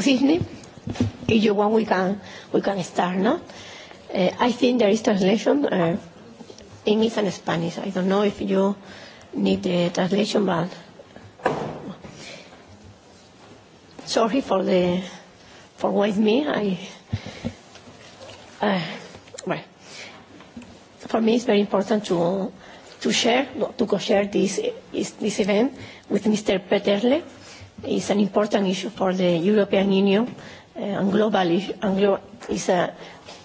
cisne if you want, we can, we can start, no? Uh, I think there is translation, uh, English and Spanish. I don't know if you need the translation, but sorry for the for with me. I uh, well, for me it's very important to to share to co-share this this event with Mr. Peterle is an important issue for the European Union and globally, and glo- is, a,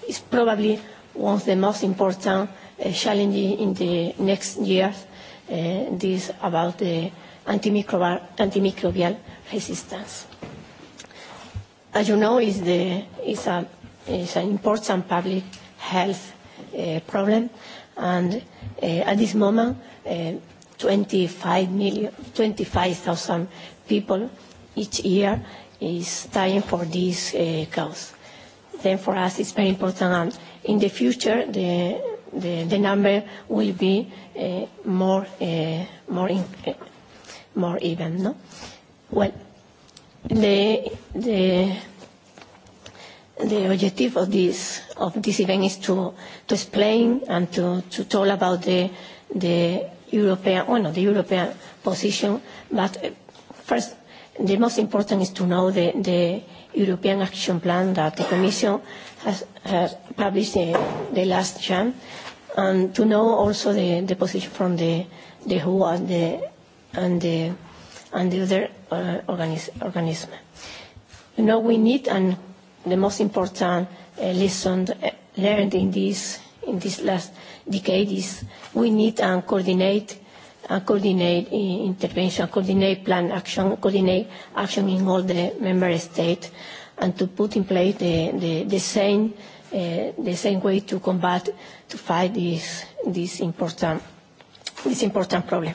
is probably one of the most important uh, challenges in the next years. Uh, this about the antimicrobial, antimicrobial resistance. As you know, is the it's a it's an important public health uh, problem, and uh, at this moment, uh, 25,000 25, people each year is dying for this uh, cause. Then for us it's very important. And in the future, the, the, the number will be uh, more, uh, more, in, uh, more even. No? Well, the, the, the objective of this, of this event is to, to explain and to, to talk about the, the European, well no, the European position, but First, the most important is to know the, the European Action Plan that the Commission has, has published the, the last Jan, and to know also the, the position from the, the WHO and the, and the, and the other uh, organis organism. You know, we need, and the most important uh, lesson learned in this, in this last decade is we need and coordinate and coordinate intervention, coordinate plan action, coordinate action in all the member states, and to put in place the, the, the same uh, the same way to combat to fight this this important this important problem.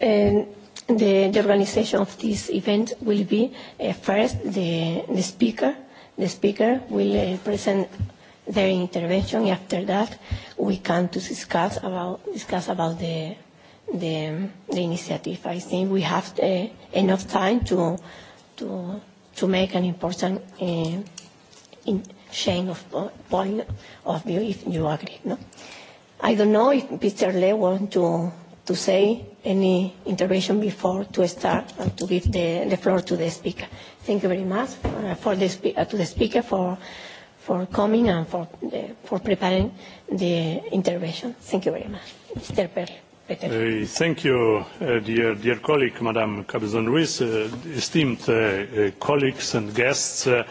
And the, the organization of this event will be uh, first the, the speaker. The speaker will uh, present their intervention. After that, we can to discuss about discuss about the the, the initiative. I think we have uh, enough time to to to make an important uh, in chain of point of view. If you agree, no. I don't know if Mr. Le want to to say any intervention before to start and to give the, the floor to the speaker. Thank you very much uh, for the, uh, to the speaker for for coming and for, uh, for preparing the intervention. Thank you very much. Mr. Perl. Uh, thank you, uh, dear, dear colleague, Madam Cabezon-Ruiz, uh, esteemed uh, uh, colleagues and guests. Uh,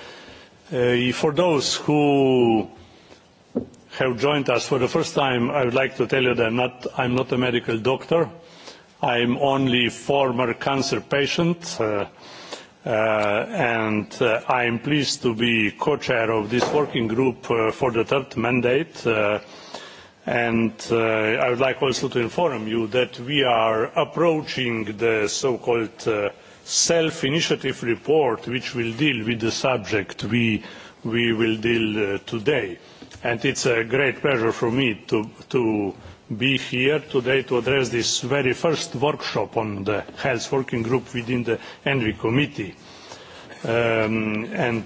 uh, for those who have joined us for the first time, I would like to tell you that I'm not, I'm not a medical doctor. I'm only a former cancer patient. Uh, and I am pleased to be co-chair of this working group for the third mandate. and I would like also to inform you that we are approaching the so-called self-initiative report, which will deal with the subject we, will deal today and it's a great pleasure for me to, to be here today to address this very first workshop on the health working group within the ENVI committee. and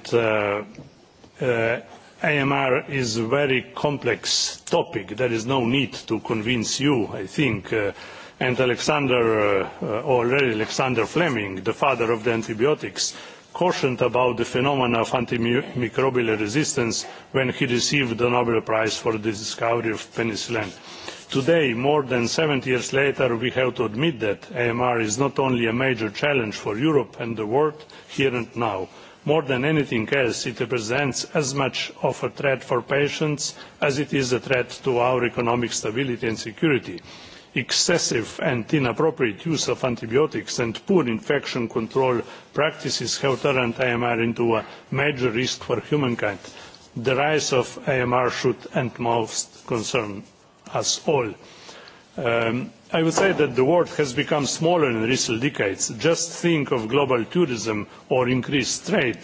AMR is a very complex topic. There is no need to convince you, I think. and Alexander, already Alexander Fleming, the father of the antibiotics, cautioned about the phenomena of antimicrobial resistance when he received the Nobel Prize for the discovery of penicillin. Today, more than seventy years later, we have to admit that AMR is not only a major challenge for Europe and the world here and now. More than anything else, it represents as much of a threat for patients as it is a threat to our economic stability and security excessive and inappropriate use of antibiotics and poor infection control practices have turned AMR into a major risk for humankind. The rise of AMR should and must concern us all. I would say that the world has become smaller in recent decades. Just think of global tourism or increased trade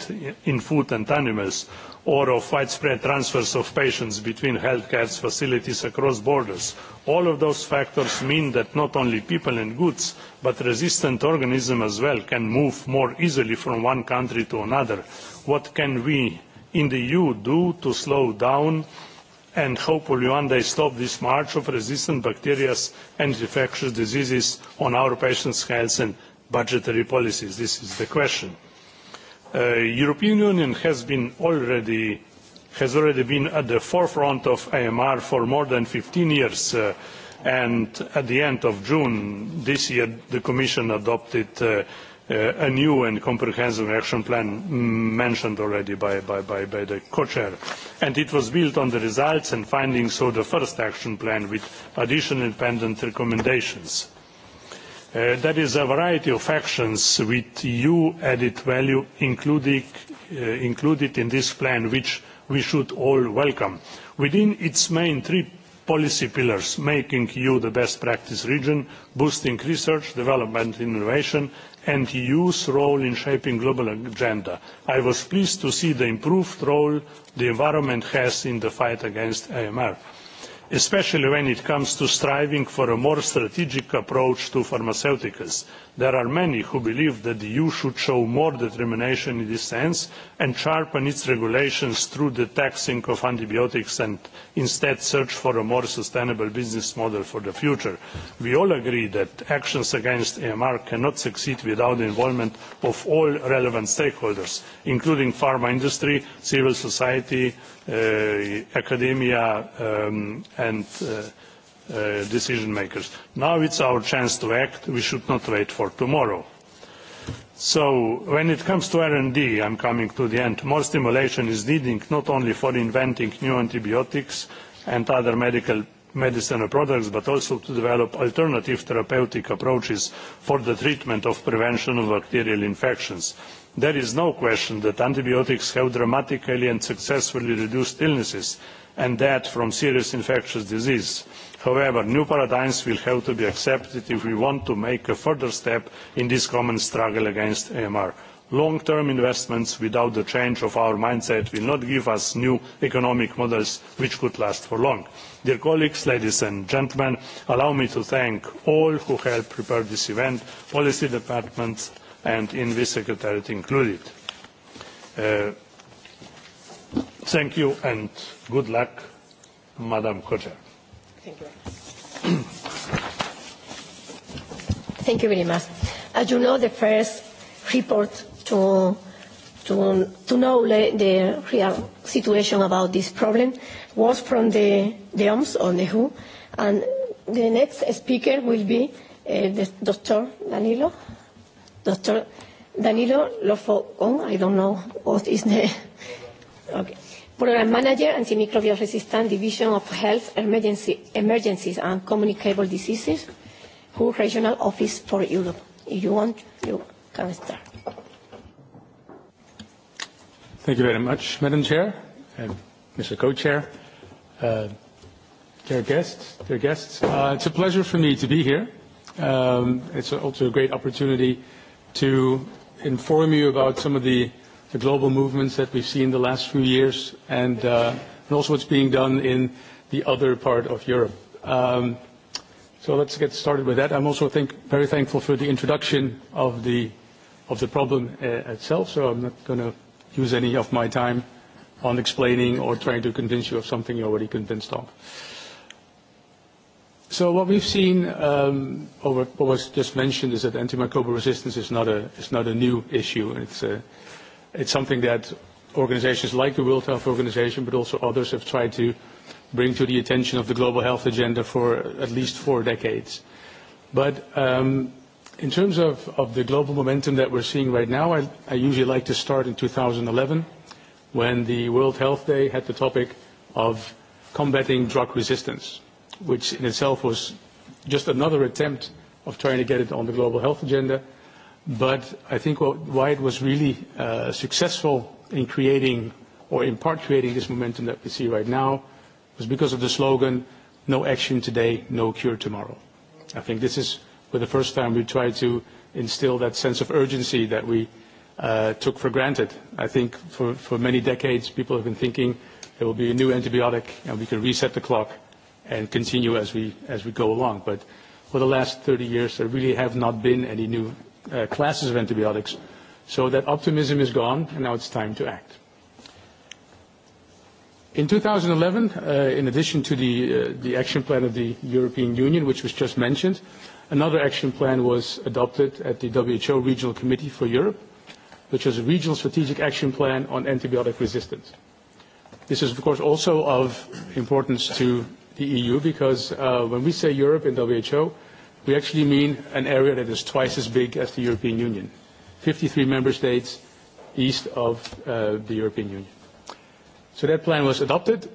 in food and animals or of widespread transfers of patients between healthcare facilities across borders. All of those factors mean that not only people and goods, but resistant organisms as well can move more easily from one country to another. What can we in the EU do to slow down and hopefully one day stop this march of resistant bacteria and infectious diseases on our patients' health and budgetary policies? This is the question The European Union has been already has already been at the forefront of AMR for more than 15 years. and at the end of June this year, the Commission adopted a new and comprehensive action plan mentioned already by, the co-chair. And it was built on the results and findings of the first action plan with additional independent recommendations there is a variety of actions with EU added value included in this plan, which we should all welcome. Within its main three policy pillars, making EU the best practice region, boosting research, development and innovation, and the EU's role in shaping the global agenda. I was pleased to see the improved role the environment has in the fight against AMR especially when it comes to striving for a more strategic approach to pharmaceuticals. There are many who believe that the EU should show more determination in this sense and sharpen its regulations through the taxing of antibiotics and instead search for a more sustainable business model for the future. We all agree that actions against AMR cannot succeed without the involvement of all relevant stakeholders, including the pharma industry, civil society, academia and decision makers. Now it's our chance to act. We should not wait for tomorrow. So when it comes to R&D, I'm coming to the end, more stimulation is needed not only for inventing new antibiotics and other medical medicine products, but also to develop alternative therapeutic approaches for the treatment of prevention of bacterial infections There is no question that antibiotics have dramatically and successfully reduced illnesses and death from serious infectious disease. However, new paradigms will have to be accepted if we want to make a further step in this common struggle against AMR. Long-term investments without the change of our mindset will not give us new economic models which could last for long. Dear colleagues, ladies and gentlemen, allow me to thank all who helped prepare this event, policy departments, and in this secretariat included. thank you and good luck, Madam co Thank you. thank you very much. As you know, the first report to to, to know the, the real situation about this problem was from the, the OMS on the WHO, and the next speaker will be uh, the Dr. Danilo. Dr. Danilo Lofocon, I don't know what is the okay. Program Manager, Antimicrobial Resistance Division of Health, Emergency, Emergencies and Communicable Diseases, WHO Regional Office for Europe. If you want, you can start. Thank you very much, Madam Chair, and Mr. Co-Chair, uh, dear guests, dear guests. Uh, it's a pleasure for me to be here. Um, it's also a great opportunity uh, to inform you about some of the, the global movements that we've seen the last few years and, uh, and also what's being done in the other part of Europe. Um, so let's get started with that. I'm also think, very thankful for the introduction of the, of the problem uh, itself, so I'm not going to use any of my time on explaining or trying to convince you of something you're already convinced of. So what we've seen, um, over what was just mentioned, is that antimicrobial resistance is not a, is not a new issue. It's, a, it's something that organizations like the World Health Organization, but also others, have tried to bring to the attention of the global health agenda for at least four decades. But um, in terms of, of the global momentum that we're seeing right now, I, I usually like to start in 2011 when the World Health Day had the topic of combating drug resistance which in itself was just another attempt of trying to get it on the global health agenda. But I think what, why it was really uh, successful in creating, or in part creating this momentum that we see right now, was because of the slogan, no action today, no cure tomorrow. I think this is for the first time we tried to instill that sense of urgency that we uh, took for granted. I think for, for many decades people have been thinking there will be a new antibiotic and we can reset the clock and continue as we as we go along. But for the last 30 years, there really have not been any new uh, classes of antibiotics. So that optimism is gone, and now it's time to act. In 2011, uh, in addition to the, uh, the action plan of the European Union, which was just mentioned, another action plan was adopted at the WHO Regional Committee for Europe, which was a regional strategic action plan on antibiotic resistance. This is, of course, also of importance to the EU because uh, when we say Europe in WHO, we actually mean an area that is twice as big as the European Union, 53 member states east of uh, the European Union. So that plan was adopted.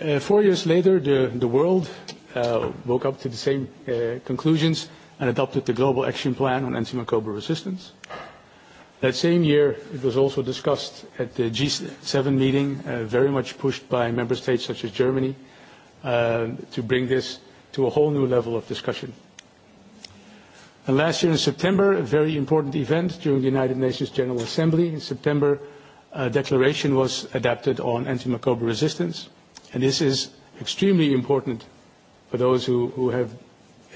Uh, four years later, the, the world uh, woke up to the same uh, conclusions and adopted the Global Action Plan on Antimicrobial Resistance. That same year, it was also discussed at the G7 meeting, uh, very much pushed by member states such as Germany, to bring this to a whole new level of discussion. And last year in September, a very important event during the United Nations General Assembly. In September, a declaration was adapted on antimicrobial resistance. And this is extremely important for those who, who have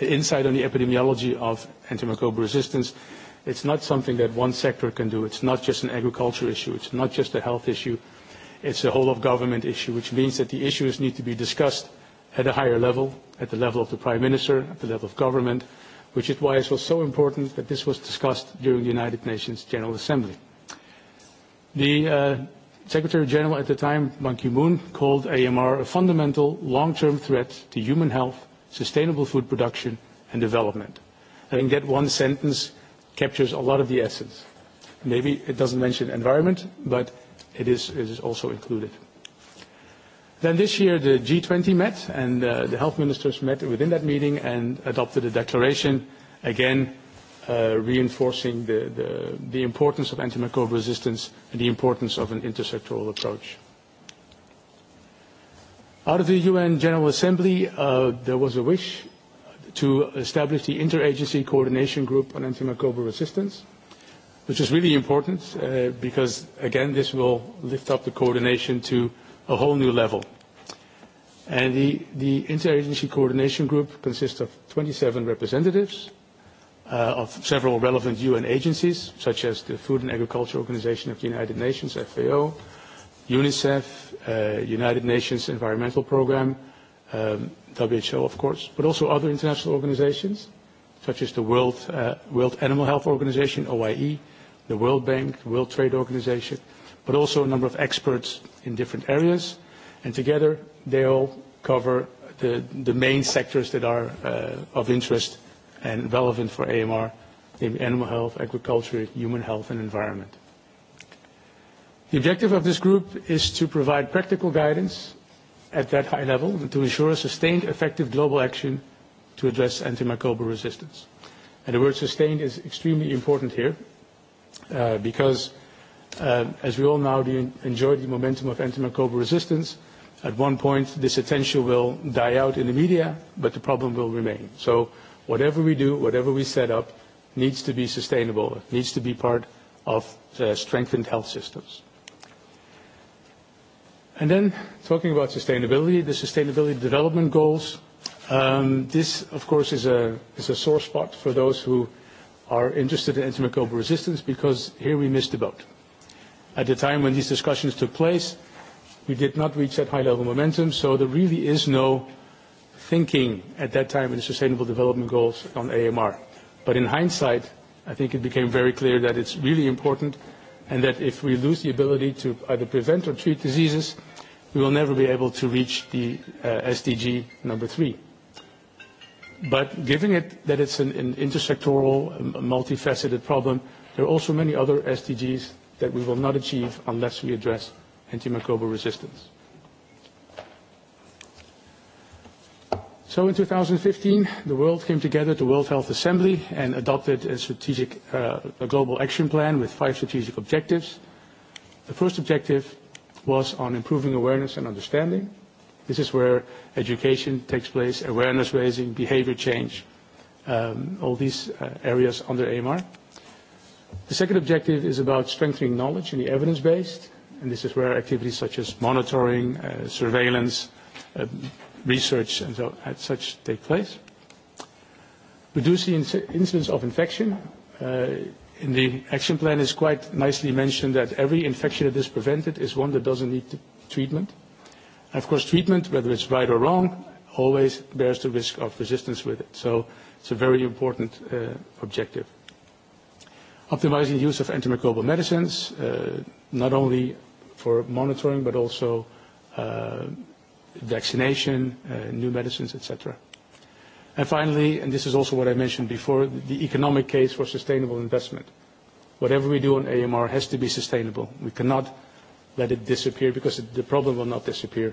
insight on the epidemiology of antimicrobial resistance. It's not something that one sector can do. It's not just an agriculture issue. It's not just a health issue. It's a whole of government issue, which means that the issues need to be discussed at a higher level, at the level of the Prime Minister, at the level of government, which is why it was so important that this was discussed during the United Nations General Assembly. The uh, Secretary General at the time, Ban Ki-moon, called AMR a fundamental long-term threat to human health, sustainable food production, and development. I think that one sentence captures a lot of the essence. Maybe it doesn't mention environment, but it is, it is also included. Then this year the G20 met and uh, the health ministers met within that meeting and adopted a declaration, again uh, reinforcing the, the, the importance of antimicrobial resistance and the importance of an intersectoral approach. Out of the UN General Assembly, uh, there was a wish to establish the Interagency Coordination Group on Antimicrobial Resistance which is really important uh, because, again, this will lift up the coordination to a whole new level. And the, the interagency coordination group consists of 27 representatives uh, of several relevant UN agencies, such as the Food and Agriculture Organization of the United Nations, FAO, UNICEF, uh, United Nations Environmental Programme, um, WHO, of course, but also other international organizations, such as the World, uh, World Animal Health Organization, OIE, the World Bank, the World Trade Organization, but also a number of experts in different areas. And together, they all cover the, the main sectors that are uh, of interest and relevant for AMR, namely animal health, agriculture, human health, and environment. The objective of this group is to provide practical guidance at that high level and to ensure a sustained, effective global action to address antimicrobial resistance. And the word sustained is extremely important here uh, because uh, as we all now do enjoy the momentum of antimicrobial resistance, at one point this attention will die out in the media, but the problem will remain. So whatever we do, whatever we set up, needs to be sustainable. It needs to be part of the strengthened health systems. And then talking about sustainability, the sustainability development goals. Um, this, of course, is a, is a sore spot for those who are interested in antimicrobial resistance because here we missed the boat. At the time when these discussions took place, we did not reach that high level momentum, so there really is no thinking at that time in the Sustainable Development Goals on AMR. But in hindsight, I think it became very clear that it's really important and that if we lose the ability to either prevent or treat diseases, we will never be able to reach the uh, SDG number three But given it that it's an, an intersectoral, multifaceted problem, there are also many other SDGs that we will not achieve unless we address antimicrobial resistance. So in 2015, the world came together, the World Health Assembly, and adopted a strategic, uh, a global action plan with five strategic objectives. The first objective was on improving awareness and understanding. This is where education takes place, awareness raising, behavior change, um, all these uh, areas under AMR. The second objective is about strengthening knowledge and the evidence based, and this is where activities such as monitoring, uh, surveillance, um, research, and so and such take place. Reduce the incidence of infection. Uh, in the action plan is quite nicely mentioned that every infection that is prevented is one that doesn't need treatment. Of course, treatment, whether it's right or wrong, always bears the risk of resistance with it. So it's a very important uh, objective. Optimizing use of antimicrobial medicines, uh, not only for monitoring, but also uh, vaccination, uh, new medicines, etc. And finally, and this is also what I mentioned before, the economic case for sustainable investment. Whatever we do on AMR has to be sustainable. We cannot let it disappear because the problem will not disappear.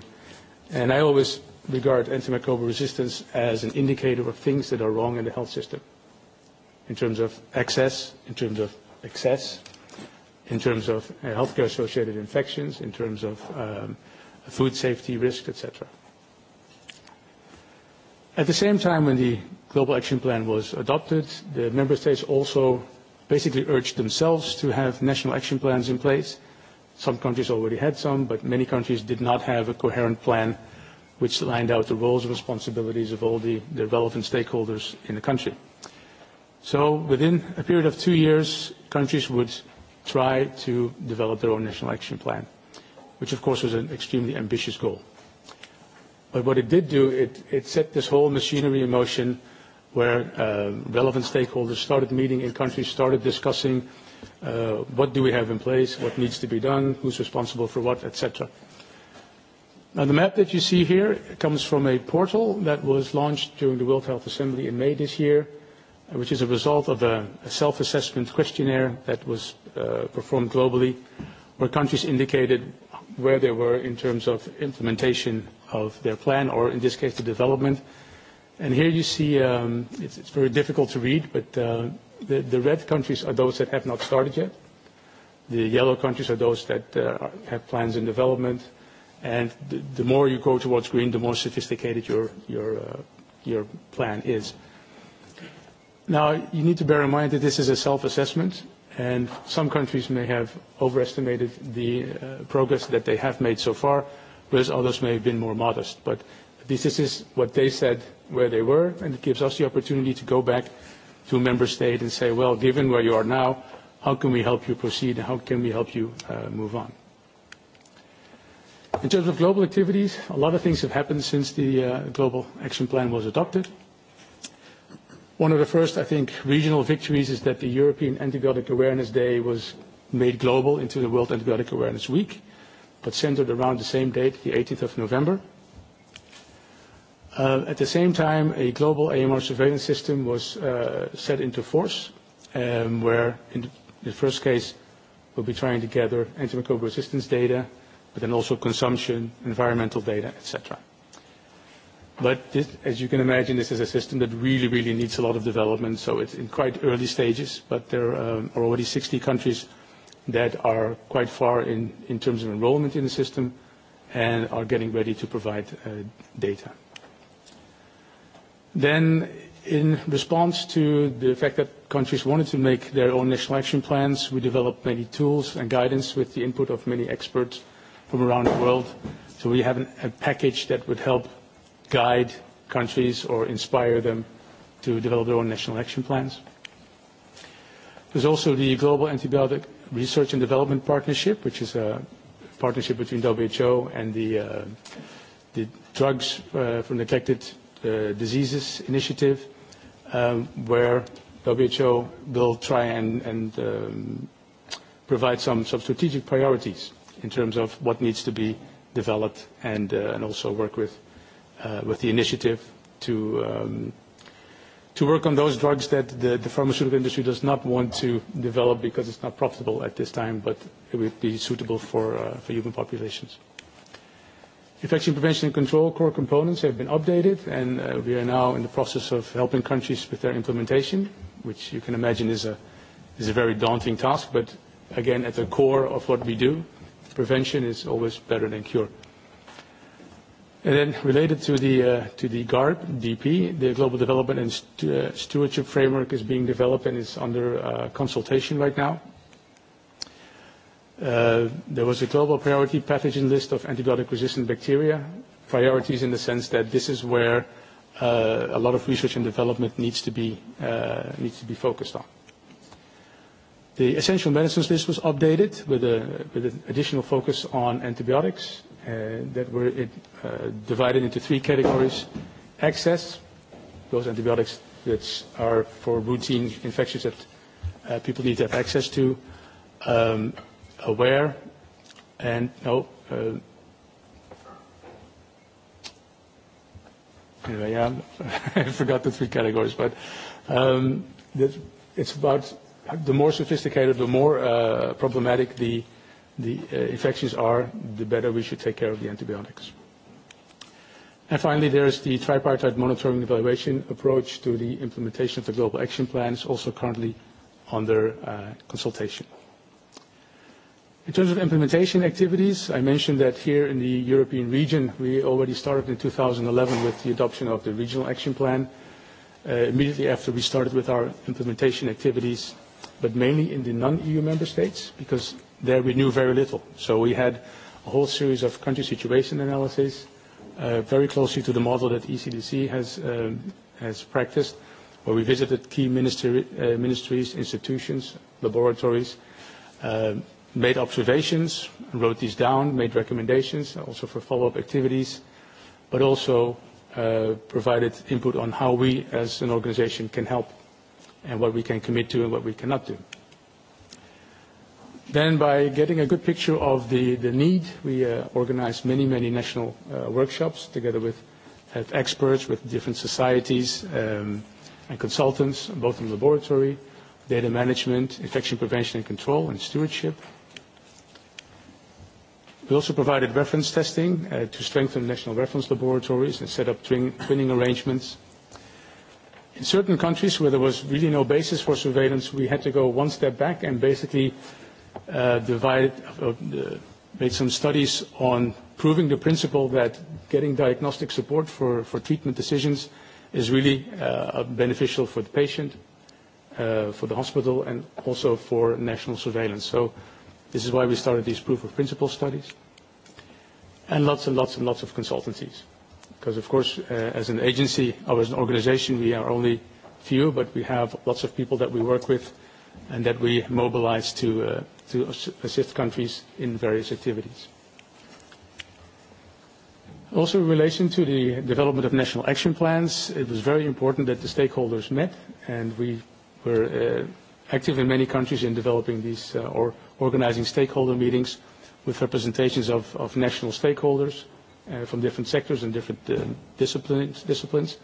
And I always regard antimicrobial resistance as an indicator of things that are wrong in the health system in terms of access, in terms of excess, in terms of uh, healthcare-associated infections, in terms of um, food safety risks, etc. At the same time, when the Global Action Plan was adopted, the member states also basically urged themselves to have national action plans in place – Some countries already had some, but many countries did not have a coherent plan which lined out the roles and responsibilities of all the, the relevant stakeholders in the country. So within a period of two years, countries would try to develop their own national action plan, which of course was an extremely ambitious goal. But what it did do, it, it set this whole machinery in motion where uh, relevant stakeholders started meeting in countries, started discussing uh, what do we have in place, what needs to be done, who's responsible for what, etc. Now, the map that you see here comes from a portal that was launched during the World Health Assembly in May this year, which is a result of a, a self-assessment questionnaire that was uh, performed globally, where countries indicated where they were in terms of implementation of their plan, or in this case, the development. And here you see, um, it's, it's very difficult to read, but uh, The, the red countries are those that have not started yet. The yellow countries are those that uh, have plans in development. And the, the more you go towards green, the more sophisticated your, your, uh, your plan is. Now, you need to bear in mind that this is a self-assessment, and some countries may have overestimated the uh, progress that they have made so far, whereas others may have been more modest. But this, this is what they said where they were, and it gives us the opportunity to go back to a member state and say, well, given where you are now, how can we help you proceed and how can we help you uh, move on? In terms of global activities, a lot of things have happened since the uh, Global Action Plan was adopted. One of the first, I think, regional victories is that the European Antibiotic Awareness Day was made global into the World Antibiotic Awareness Week, but centered around the same date, the 18th of November. At the same time, a global AMR surveillance system was set into force, where in the first case, we'll be trying to gather antimicrobial resistance data, but then also consumption, environmental data, et cetera. But this, as you can imagine, this is a system that really, really needs a lot of development, so it's in quite early stages, but there are already 60 countries that are quite far in terms of enrollment in the system and are getting ready to provide data. Then, in response to the fact that countries wanted to make their own national action plans, we developed many tools and guidance with the input of many experts from around the world. So we have a package that would help guide countries or inspire them to develop their own national action plans. There's also the Global Antibiotic Research and Development Partnership, which is a partnership between WHO and the, uh, the drugs uh, from neglected Diseases initiative, where WHO will try and, and um, provide some, some strategic priorities in terms of what needs to be developed and, uh, and also work with, uh, with the initiative to, um, to work on those drugs that the, the pharmaceutical industry does not want to develop because it's not profitable at this time, but it would be suitable for, uh, for human populations. Infection prevention and control core components have been updated, and uh, we are now in the process of helping countries with their implementation, which you can imagine is a, is a very daunting task, but again, at the core of what we do, prevention is always better than cure. And then related to the, uh, to the GARP, DP, the Global Development and St- uh, Stewardship Framework is being developed and is under uh, consultation right now there was a global priority pathogen list of antibiotic-resistant bacteria, priorities in the sense that this is where uh, a lot of research and development needs to be, uh, needs to be focused on. The essential medicines list was updated with, a, with an additional focus on antibiotics uh, that were it, uh, divided into three categories. Access, those antibiotics that are for routine infections that uh, people need to have access to. Um, aware and no. Uh, anyway, yeah, I forgot the three categories, but um, that it's about the more sophisticated, the more uh, problematic the the uh, infections are, the better we should take care of the antibiotics. And finally, there's the tripartite monitoring and evaluation approach to the implementation of the global action plans, also currently under uh, consultation. In terms of implementation activities, I mentioned that here in the European region, we already started in 2011 with the adoption of the Regional Action Plan. Immediately after, we started with our implementation activities, but mainly in the non-EU member states, because there we knew very little. So we had a whole series of country situation analysis, very closely to the model that ECDC has practiced, where we visited key ministries, institutions, laboratories, made observations, wrote these down, made recommendations also for follow-up activities, but also uh, provided input on how we as an organization can help and what we can commit to and what we cannot do. Then by getting a good picture of the, the need, we uh, organized many, many national uh, workshops together with uh, experts, with different societies um, and consultants, both in laboratory, data management, infection prevention and control, and stewardship, We also provided reference testing to strengthen national reference laboratories and set up twinning arrangements. In certain countries where there was really no basis for surveillance, we had to go one step back and basically uh, divide, uh, made some studies on proving the principle that getting diagnostic support for, for treatment decisions is really uh, beneficial for the patient, uh, for the hospital, and also for national surveillance. So this is why we started these proof of principle studies and lots and lots and lots of consultancies. Because, of course, uh, as an agency or as an organization, we are only few, but we have lots of people that we work with and that we mobilize to, uh, to assist countries in various activities. Also, in relation to the development of national action plans, it was very important that the stakeholders met, and we were uh, active in many countries in developing these uh, or organizing stakeholder meetings with representations of, of national stakeholders uh, from different sectors and different uh, disciplines, disciplines,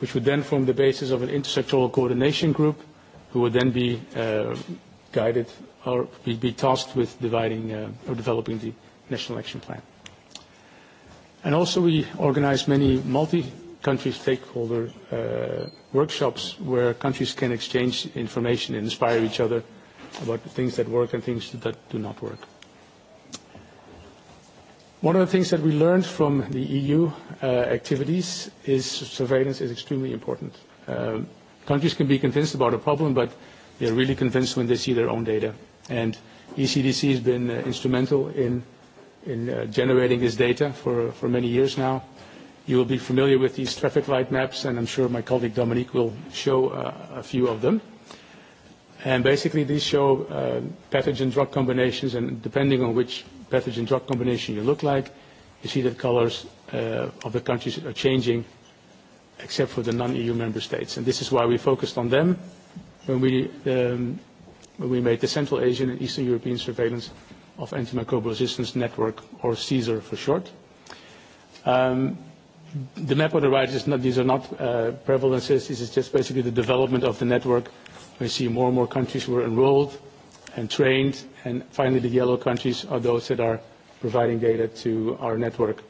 which would then form the basis of an intersectoral coordination group who would then be uh, guided or be, be tasked with dividing uh, or developing the national action plan. And also we organize many multi-country stakeholder uh, workshops where countries can exchange information and inspire each other about the things that work and things that do not work. One of the things that we learned from the EU uh, activities is surveillance is extremely important. Um, countries can be convinced about a problem, but they're really convinced when they see their own data. And ECDC has been uh, instrumental in, in uh, generating this data for, for many years now. You will be familiar with these traffic light maps, and I'm sure my colleague Dominique will show uh, a few of them. And basically, these show uh, pathogen drug combinations, and depending on which pathogen drug combination you look like. You see that colors uh, of the countries are changing, except for the non-EU member states. And this is why we focused on them when we, um, when we made the Central Asian and Eastern European Surveillance of Antimicrobial Resistance Network, or CSER for short. Um, the map on the right is not, these are not uh, prevalences, this is just basically the development of the network. We see more and more countries were enrolled, and trained. And finally, the yellow countries are those that are providing data to our network.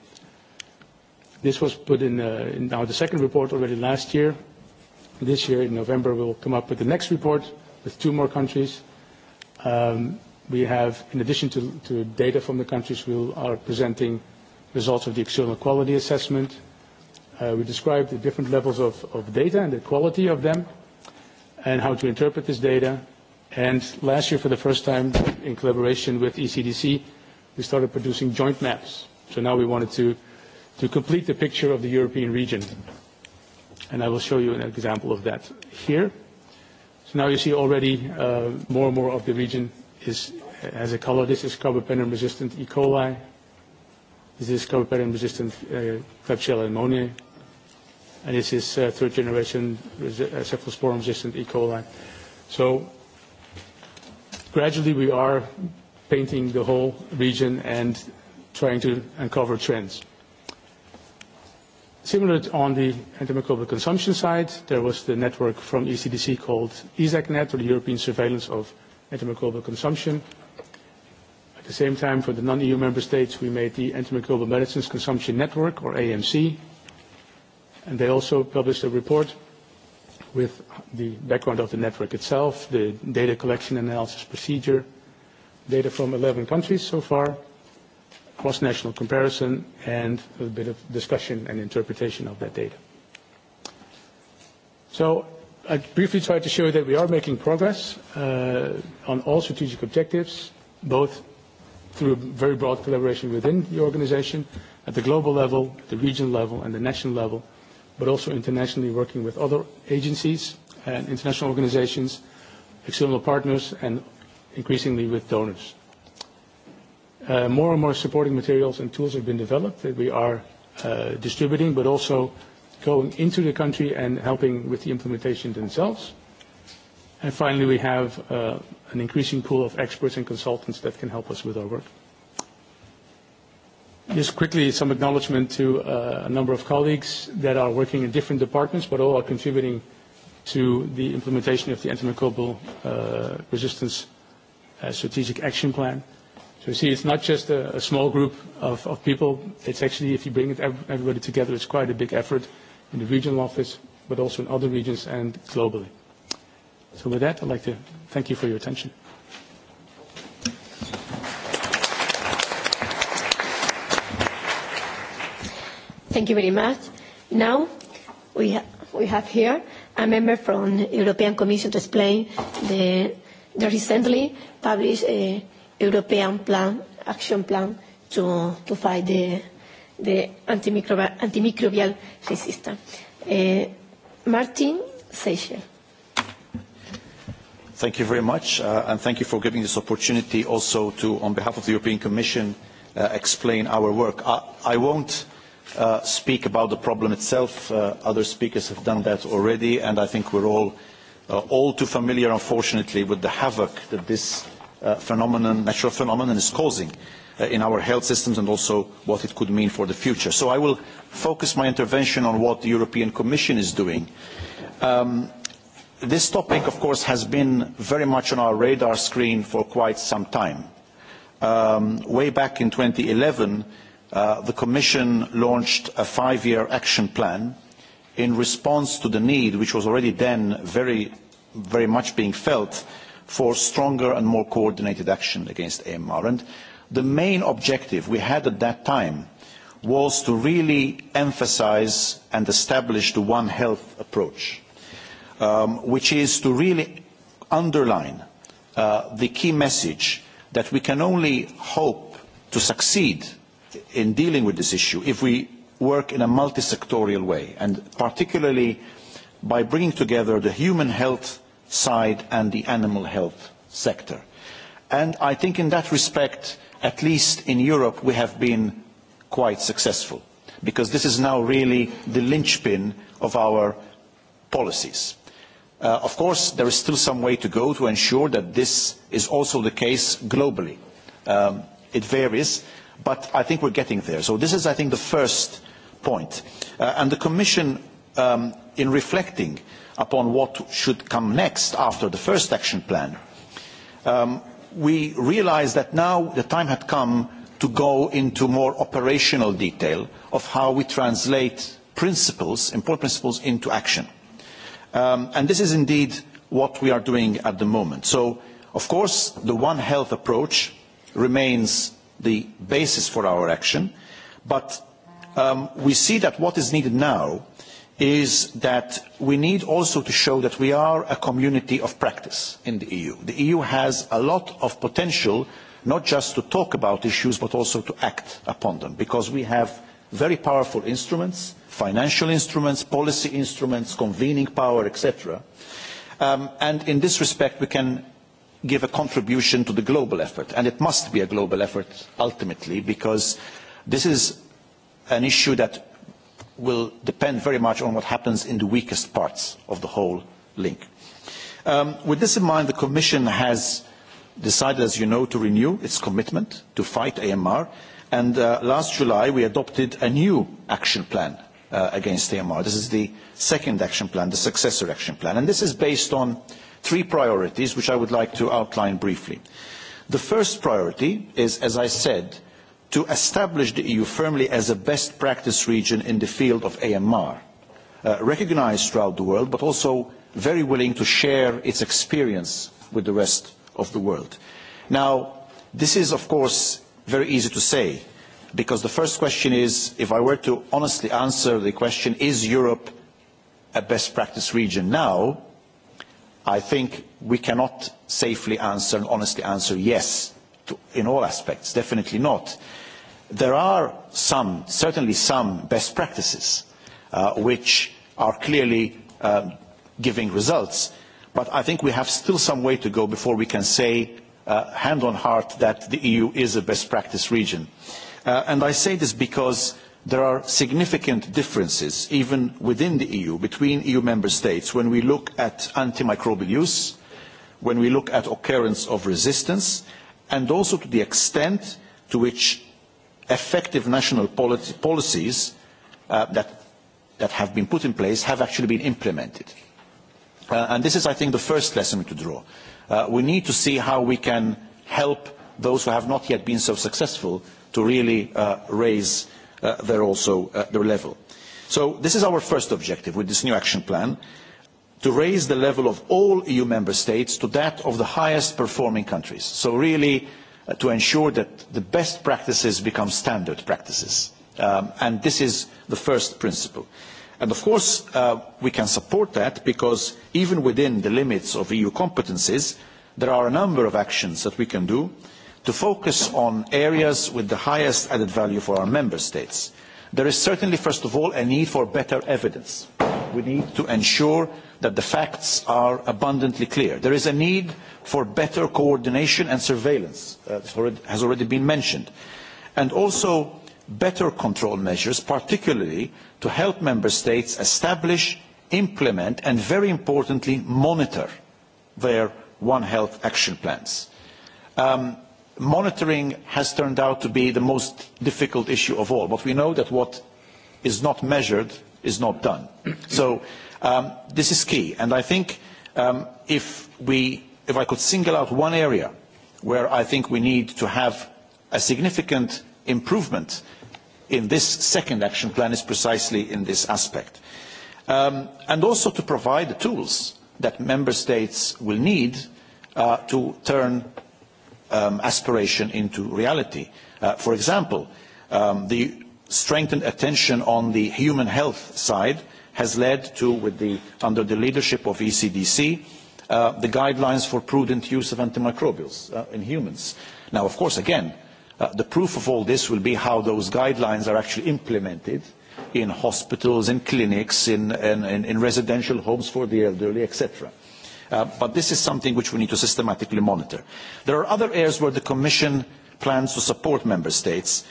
This was put in, uh, in now the second report already last year. This year, in November, we'll come up with the next report with two more countries. Um, we have, in addition to, to data from the countries, we are presenting results of the external quality assessment. Uh, we describe the different levels of, of data and the quality of them and how to interpret this data And last year, for the first time, in collaboration with ECDC, we started producing joint maps. So now we wanted to, to complete the picture of the European region. And I will show you an example of that here. So now you see already uh, more and more of the region is, has a color. This is carbapenem-resistant E. coli. This is carbapenem-resistant uh, Klebsiella pneumoniae. And this is uh, third-generation res- cephalosporin-resistant E. coli. So Gradually, we are painting the whole region and trying to uncover trends. Similar on the antimicrobial consumption side, there was the network from ECDC called ESACnet, or the European Surveillance of Antimicrobial Consumption. At the same time, for the non-EU member states, we made the Antimicrobial Medicines Consumption Network, or AMC, and they also published a report with the background of the network itself, the data collection analysis procedure, data from 11 countries so far, cross-national comparison, and a bit of discussion and interpretation of that data. So I briefly tried to show that we are making progress uh, on all strategic objectives, both through very broad collaboration within the organization, at the global level, the regional level, and the national level, but also internationally working with other agencies and international organizations, external partners, and increasingly with donors. Uh, more and more supporting materials and tools have been developed that we are uh, distributing, but also going into the country and helping with the implementation themselves. And finally, we have uh, an increasing pool of experts and consultants that can help us with our work. Just quickly, some acknowledgement to a number of colleagues that are working in different departments, but all are contributing to the implementation of the antimicrobial resistance strategic action plan. So you see, it's not just a, a small group of, of people. It's actually, if you bring it, everybody together, it's quite a big effort in the regional office, but also in other regions and globally. So with that, I'd like to thank you for your attention. Thank you very much. Now, we, ha- we have here a member from the European Commission to explain the, the recently published uh, European plan, action plan to, to fight the, the antimicrobial, antimicrobial resistance. Uh, Martin Seychelles. Thank you very much, uh, and thank you for giving this opportunity also to, on behalf of the European Commission, uh, explain our work. I, I won't uh, speak about the problem itself. other speakers have done that already, and I think we're all all too familiar, unfortunately, with the havoc that this phenomenon, natural phenomenon is causing in our health systems and also what it could mean for the future. So I will focus my intervention on what the European Commission is doing. this topic, of course, has been very much on our radar screen for quite some time. way back in eleven the Commission launched a five-year action plan in response to the need, which was already then very, very much being felt, for stronger and more coordinated action against AMR. And the main objective we had at that time was to really emphasise and establish the One Health approach, which is to really underline the key message that we can only hope to succeed in dealing with this issue if we work in a multi-sectorial way, and particularly by bringing together the human health side and the animal health sector. And I think in that respect, at least in Europe, we have been quite successful, because this is now really the linchpin of our policies. of course, there is still some way to go to ensure that this is also the case globally. it varies, But I think we're getting there. So this is, I think, the first point. and the Commission, in reflecting upon what should come next after the first action plan, we realised that now the time had come to go into more operational detail of how we translate principles, important principles, into action. and this is indeed what we are doing at the moment. So, of course, the One Health approach remains the basis for our action. But we see that what is needed now is that we need also to show that we are a community of practice in the EU. The EU has a lot of potential not just to talk about issues but also to act upon them because we have very powerful instruments, financial instruments, policy instruments, convening power, etc. and in this respect we can give a contribution to the global effort. And it must be a global effort ultimately because this is an issue that will depend very much on what happens in the weakest parts of the whole link. with this in mind, the Commission has decided, as you know, to renew its commitment to fight AMR. And last July, we adopted a new action plan against AMR. This is the second action plan, the successor action plan. And this is based on Three priorities which I would like to outline briefly. The first priority is, as I said, to establish the EU firmly as a best practice region in the field of AMR, recognised throughout the world, but also very willing to share its experience with the rest of the world. Now, this is, of course, very easy to say, because the first question is, if I were to honestly answer the question, is Europe a best practice region now, I think we cannot safely answer and honestly answer yes to, in all aspects, definitely not. There are some, certainly some best practices uh, which are clearly giving results, but I think we have still some way to go before we can say uh, hand on heart that the EU is a best practice region. Uh, and I say this because there are significant differences, even within the EU, between EU member states when we look at antimicrobial use, when we look at occurrence of resistance, and also to the extent to which effective national policies that, have been put in place have actually been implemented. and this is, I think, the first lesson to draw. we need to see how we can help those who have not yet been so successful to really raise their, also, their level. So this is our first objective with this new action plan, to raise the level of all EU member states to that of the highest performing countries. So really to ensure that the best practices become standard practices. and this is the first principle. And of course, we can support that because even within the limits of EU competences, there are a number of actions that we can do uh, to focus on areas with the highest added value for our member states. There is certainly, first of all, a need for better evidence. We need to ensure that the facts are abundantly clear. There is a need for better coordination and surveillance, as has already been mentioned, and also better control measures, particularly to help member states establish, implement, and very importantly, monitor their One Health action plans. Um, monitoring has turned out to be the most difficult issue of all. But we know that what is not measured is not done. So um, this is key. And I think um, if, we, if I could single out one area where I think we need to have a significant improvement in this second action plan is precisely in this aspect. Um, and also to provide the tools that member states will need uh, to turn aspiration into reality. for example, the strengthened attention on the human health side has led to, with the, under the leadership of ECDC, the guidelines for prudent use of antimicrobials in humans. Now, of course, again, the proof of all this will be how those guidelines are actually implemented in hospitals, in clinics, in, in, in residential homes for the elderly, etc but this is something which we need to systematically monitor. There are other areas where the Commission plans to support Member States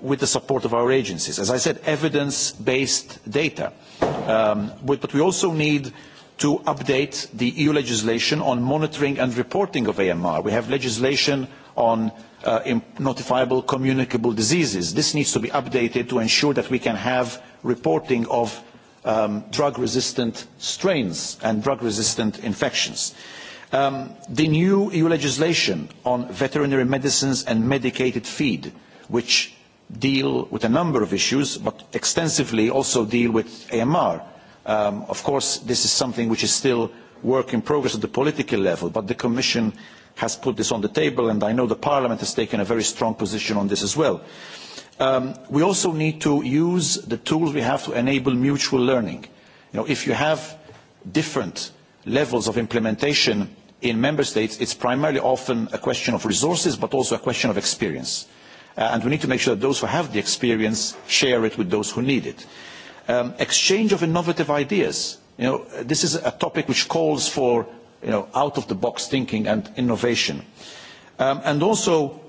with the support of our agencies. As I said, evidence-based data. but we also need to update the EU legislation on monitoring and reporting of AMR. We have legislation on notifiable communicable diseases. This needs to be updated to ensure that we can have reporting of drug-resistant strains and drug-resistant infections. the new EU legislation on veterinary medicines and medicated feed, which deal with a number of issues, but extensively also deal with AMR. of course, this is something which is still work in progress at the political level, but the Commission has put this on the table, and I know Parliament has taken a very strong position on this as well we also need to use the tools we have to enable mutual learning. if you have different levels of implementation in member states, it's primarily often a question of resources, but also a question of experience. and we need to make sure that those who have the experience share it with those who need it. exchange of innovative ideas. this is a topic which calls for out-of-the-box thinking and innovation. and also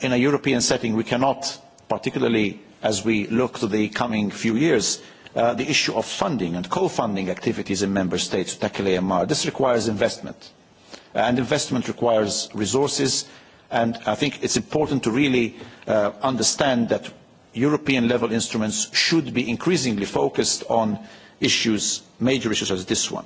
in a European setting, we cannot, particularly as we look to the coming few years, the issue of funding and co-funding activities in member states to tackle AMR. This requires investment, and investment requires resources, and I think it's important to really understand that European-level instruments should be increasingly focused on issues, major issues as this one.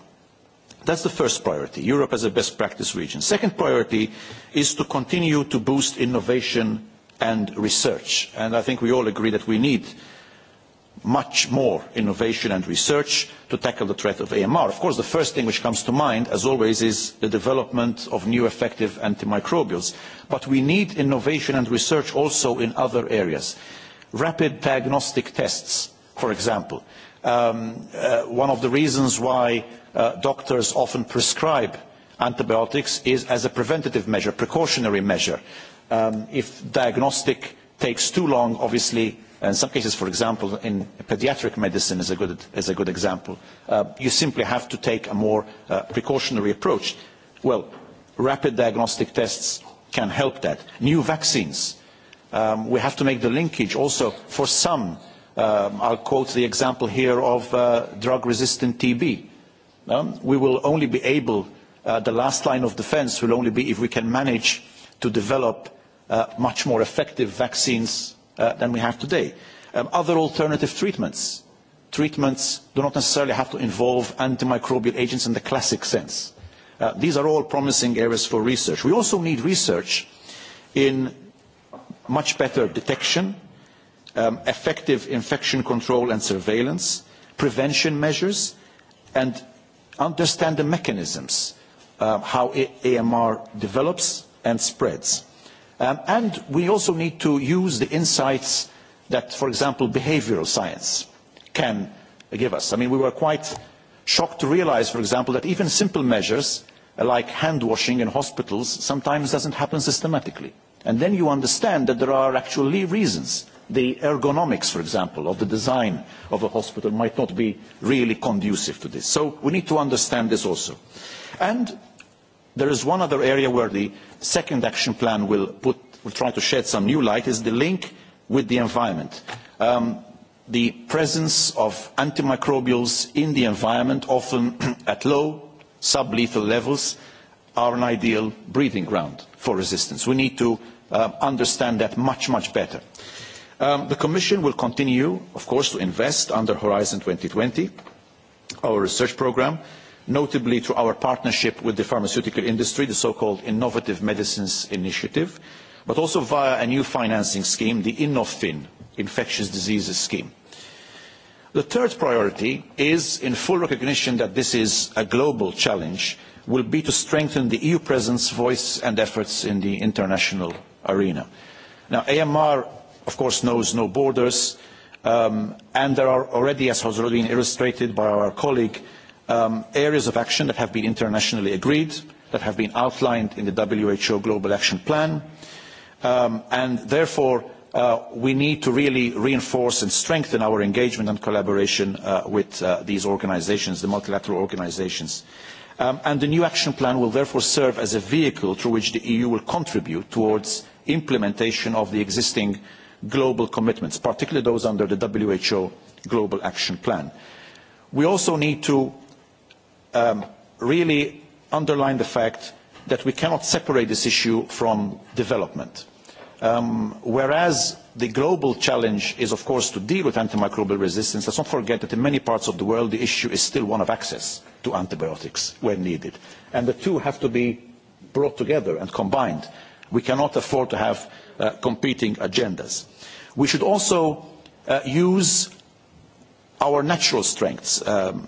That's the first priority, Europe as a best practice region. Second priority is to continue to boost innovation and research. And I think we all agree that we need much more innovation and research to tackle the threat of AMR. Of course, the first thing which comes to mind, as always, is the development of new effective antimicrobials. But we need innovation and research also in other areas. Rapid diagnostic tests, for example one of the reasons why doctors often prescribe antibiotics is as a preventative measure, precautionary measure. if diagnostic takes too long, obviously, in some cases, for example, in paediatric medicine is a good, is a good example, you simply have to take a more precautionary approach. Well, rapid diagnostic tests can help that. New vaccines. we have to make the linkage also for some Um, I'll quote the example here of uh, drug-resistant TB. Um, we will only be able, uh, the last line of defense will only be if we can manage to develop uh, much more effective vaccines uh, than we have today. Um, other alternative treatments. Treatments do not necessarily have to involve antimicrobial agents in the classic sense. Uh, these are all promising areas for research. We also need research in much better detection, effective infection control and surveillance, prevention measures, and understand the mechanisms, how AMR develops and spreads. and we also need to use the insights that, for example, behavioural science can give us. I mean, we were quite shocked to realise, for example, that even simple measures like hand washing in hospitals sometimes doesn't happen systematically. And then you understand that there are actually reasons the ergonomics, for example, of the design of a hospital might not be really conducive to this. So we need to understand this also. And there is one other area where the second action plan will, put, will try to shed some new light is the link with the environment. the presence of antimicrobials in the environment, often at low, sublethal levels, are an ideal breeding ground for resistance. We need to understand that much, much better the Commission will continue, of course, to invest under Horizon twenty, our research programme, notably through our partnership with the pharmaceutical industry, the so-called Innovative Medicines Initiative, but also via a new financing scheme, the InnoFin, Infectious Diseases Scheme. The third priority is, in full recognition that this is a global challenge, will be to strengthen the EU presence, voice and efforts in the international arena. AMR of course, knows no borders. and there are already, as has already been illustrated by our colleague, areas of action that have been internationally agreed, that have been outlined in the WHO Global Action Plan. and therefore, we need to really reinforce and strengthen our engagement and collaboration with these organisations, the multilateral organisations. and the new action plan will therefore serve as a vehicle through which the EU will contribute towards implementation of the existing global commitments, particularly those under the WHO Global Action Plan. We also need to really underline the fact that we cannot separate this issue from development. whereas the global challenge is, of course, to deal with antimicrobial resistance, let's not forget that in many parts of the world the issue is still one of access to antibiotics when needed. And the two have to be brought together and combined We cannot afford to have competing agendas. We should also use our natural strengths.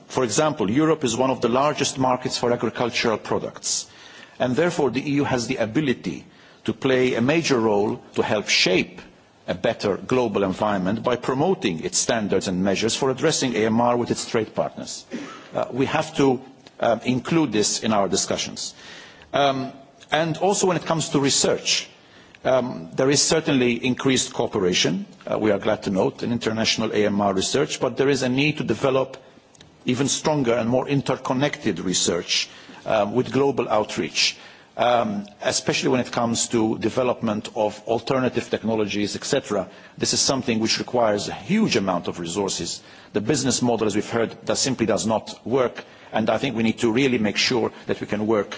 for example, Europe is one of the largest markets for agricultural products, and therefore the EU has the ability to play a major role to help shape a better global environment by promoting its standards and measures for addressing AMR with its trade partners. we have to include this in our discussions. Um, And also when it comes to research, there is certainly increased cooperation, we are glad to note, in international AMR research, but there is a need to develop even stronger and more interconnected research with global outreach, especially when it comes to development of alternative technologies, etc. This is something which requires a huge amount of resources. The business model, as we have heard, simply does not work And I think we need to really make sure that we can work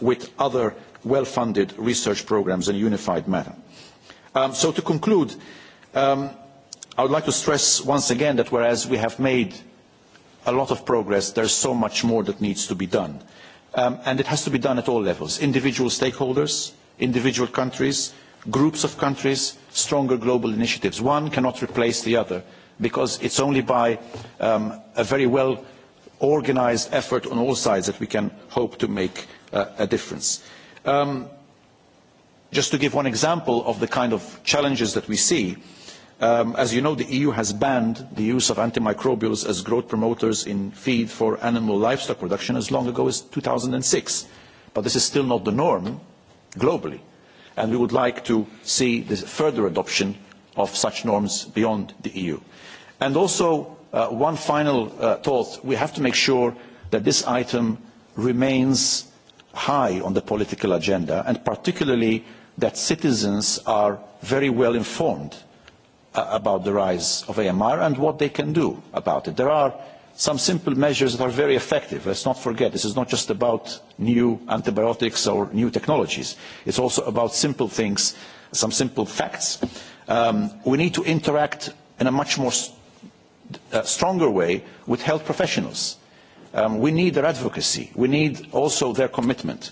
with other well-funded research programmes in a unified manner. so to conclude, I would like to stress once again that whereas we have made a lot of progress, there is so much more that needs to be done. and it has to be done at all levels, individual stakeholders, individual countries, groups of countries, stronger global initiatives. One cannot replace the other because it is only by a very well organised effort on all sides that we can hope to make a difference. just to give one example of the kind of challenges that we see, as you know, the EU has banned the use of antimicrobials as growth promoters in feed for animal livestock production as long ago as two thousand six, But this is still not the norm globally. And we would like to see the further adoption of such norms beyond the EU. And also one final thought. We have to make sure that this item remains high on the political agenda, and particularly that citizens are very well informed about the rise of AMR and what they can do about it. There are some simple measures that are very effective. Let's not forget, this is not just about new antibiotics or new technologies. It's also about simple things, some simple facts. we need to interact in a much more a stronger way with health professionals. we need their advocacy. We need also their commitment.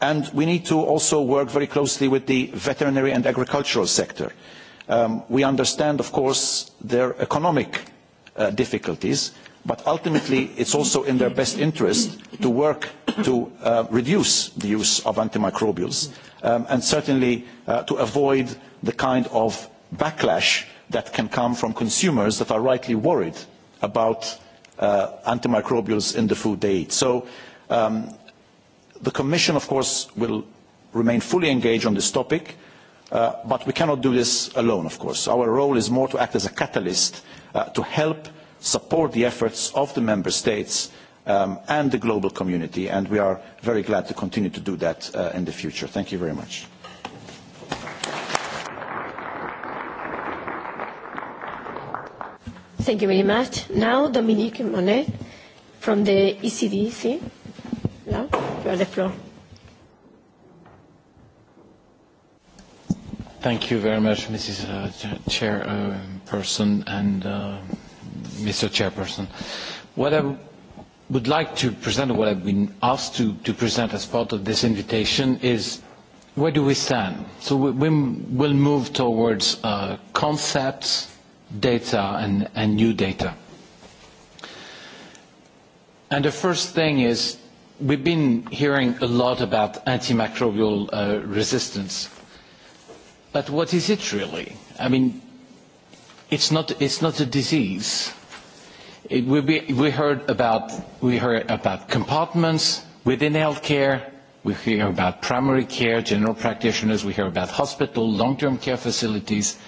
and we need to also work very closely with the veterinary and agricultural sector. we understand, of course, their economic difficulties, but ultimately it is also in their best interest to work to reduce the use of antimicrobials and certainly to avoid the kind of backlash that can come from consumers that are rightly worried about antimicrobials in the food they eat. So the Commission, of course, will remain fully engaged on this topic, but we cannot do this alone, of course. Our role is more to act as a catalyst to help support the efforts of the Member States and the global community, and we are very glad to continue to do that in the future. Thank you very much. Thank you very much. Now, Dominique Monet from the ECDC. Now, you have the floor. Thank you very much, Mrs. Chairperson and uh, Mr. Chairperson. What I would like to present, what I've been asked to, to present as part of this invitation is where do we stand? So we, we will move towards uh, concepts, data and, and new data. And the first thing is we've been hearing a lot about antimicrobial resistance. But what is it really? I mean, it's not, it's not a disease. we heard about compartments within healthcare. We hear about primary care, general practitioners. We hear about hospital, long-term care facilities.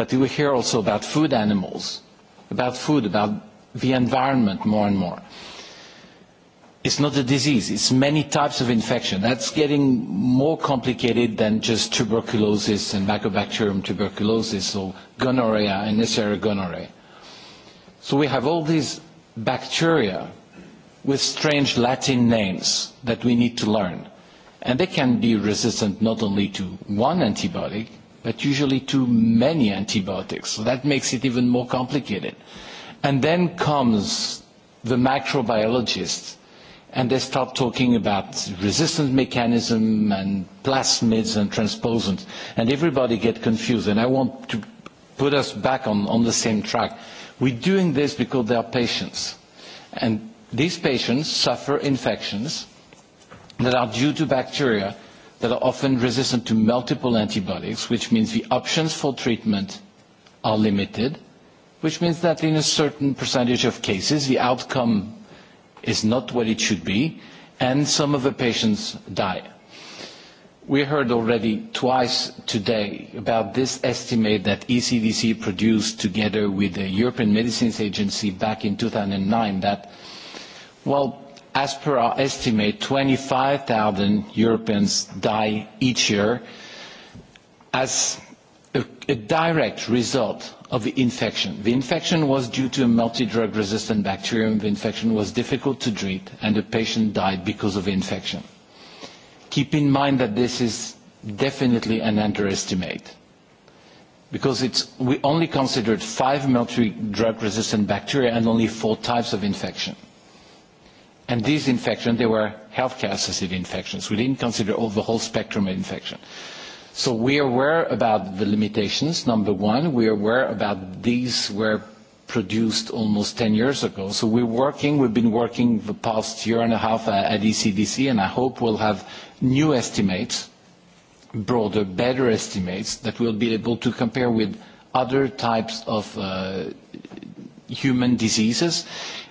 But we hear also about food animals, about food, about the environment more and more. It's not a disease, it's many types of infection. That's getting more complicated than just tuberculosis and mycobacterium tuberculosis or gonorrhea and necessary gonorrhea. So we have all these bacteria with strange Latin names that we need to learn. And they can be resistant not only to one antibiotic, but usually too many antibiotics. So that makes it even more complicated. And then comes the microbiologists, and they start talking about resistance mechanism and plasmids and transposons, and everybody get confused. And I want to put us back on, on the same track. We're doing this because they are patients. And these patients suffer infections that are due to bacteria that are often resistant to multiple antibiotics, which means the options for treatment are limited, which means that in a certain percentage of cases, the outcome is not what it should be, and some of the patients die. We heard already twice today about this estimate that ECDC produced together with the European Medicines Agency back in 2009 that, well, As per our estimate, 25,000 Europeans die each year as a direct result of the infection. The infection was due to a multi-drug resistant bacterium. The infection was difficult to treat, and the patient died because of the infection. Keep in mind that this is definitely an underestimate because it's, we only considered five multi-drug resistant bacteria and only four types of infection. And these infections, they were healthcare-associated infections. We didn't consider all the whole spectrum of infection. So we are aware about the limitations, number one. We are aware about these were produced almost 10 years ago. So we're working, we've been working the past year and a half at ECDC, and I hope we'll have new estimates, broader, better estimates, that we'll be able to compare with other types of human diseases,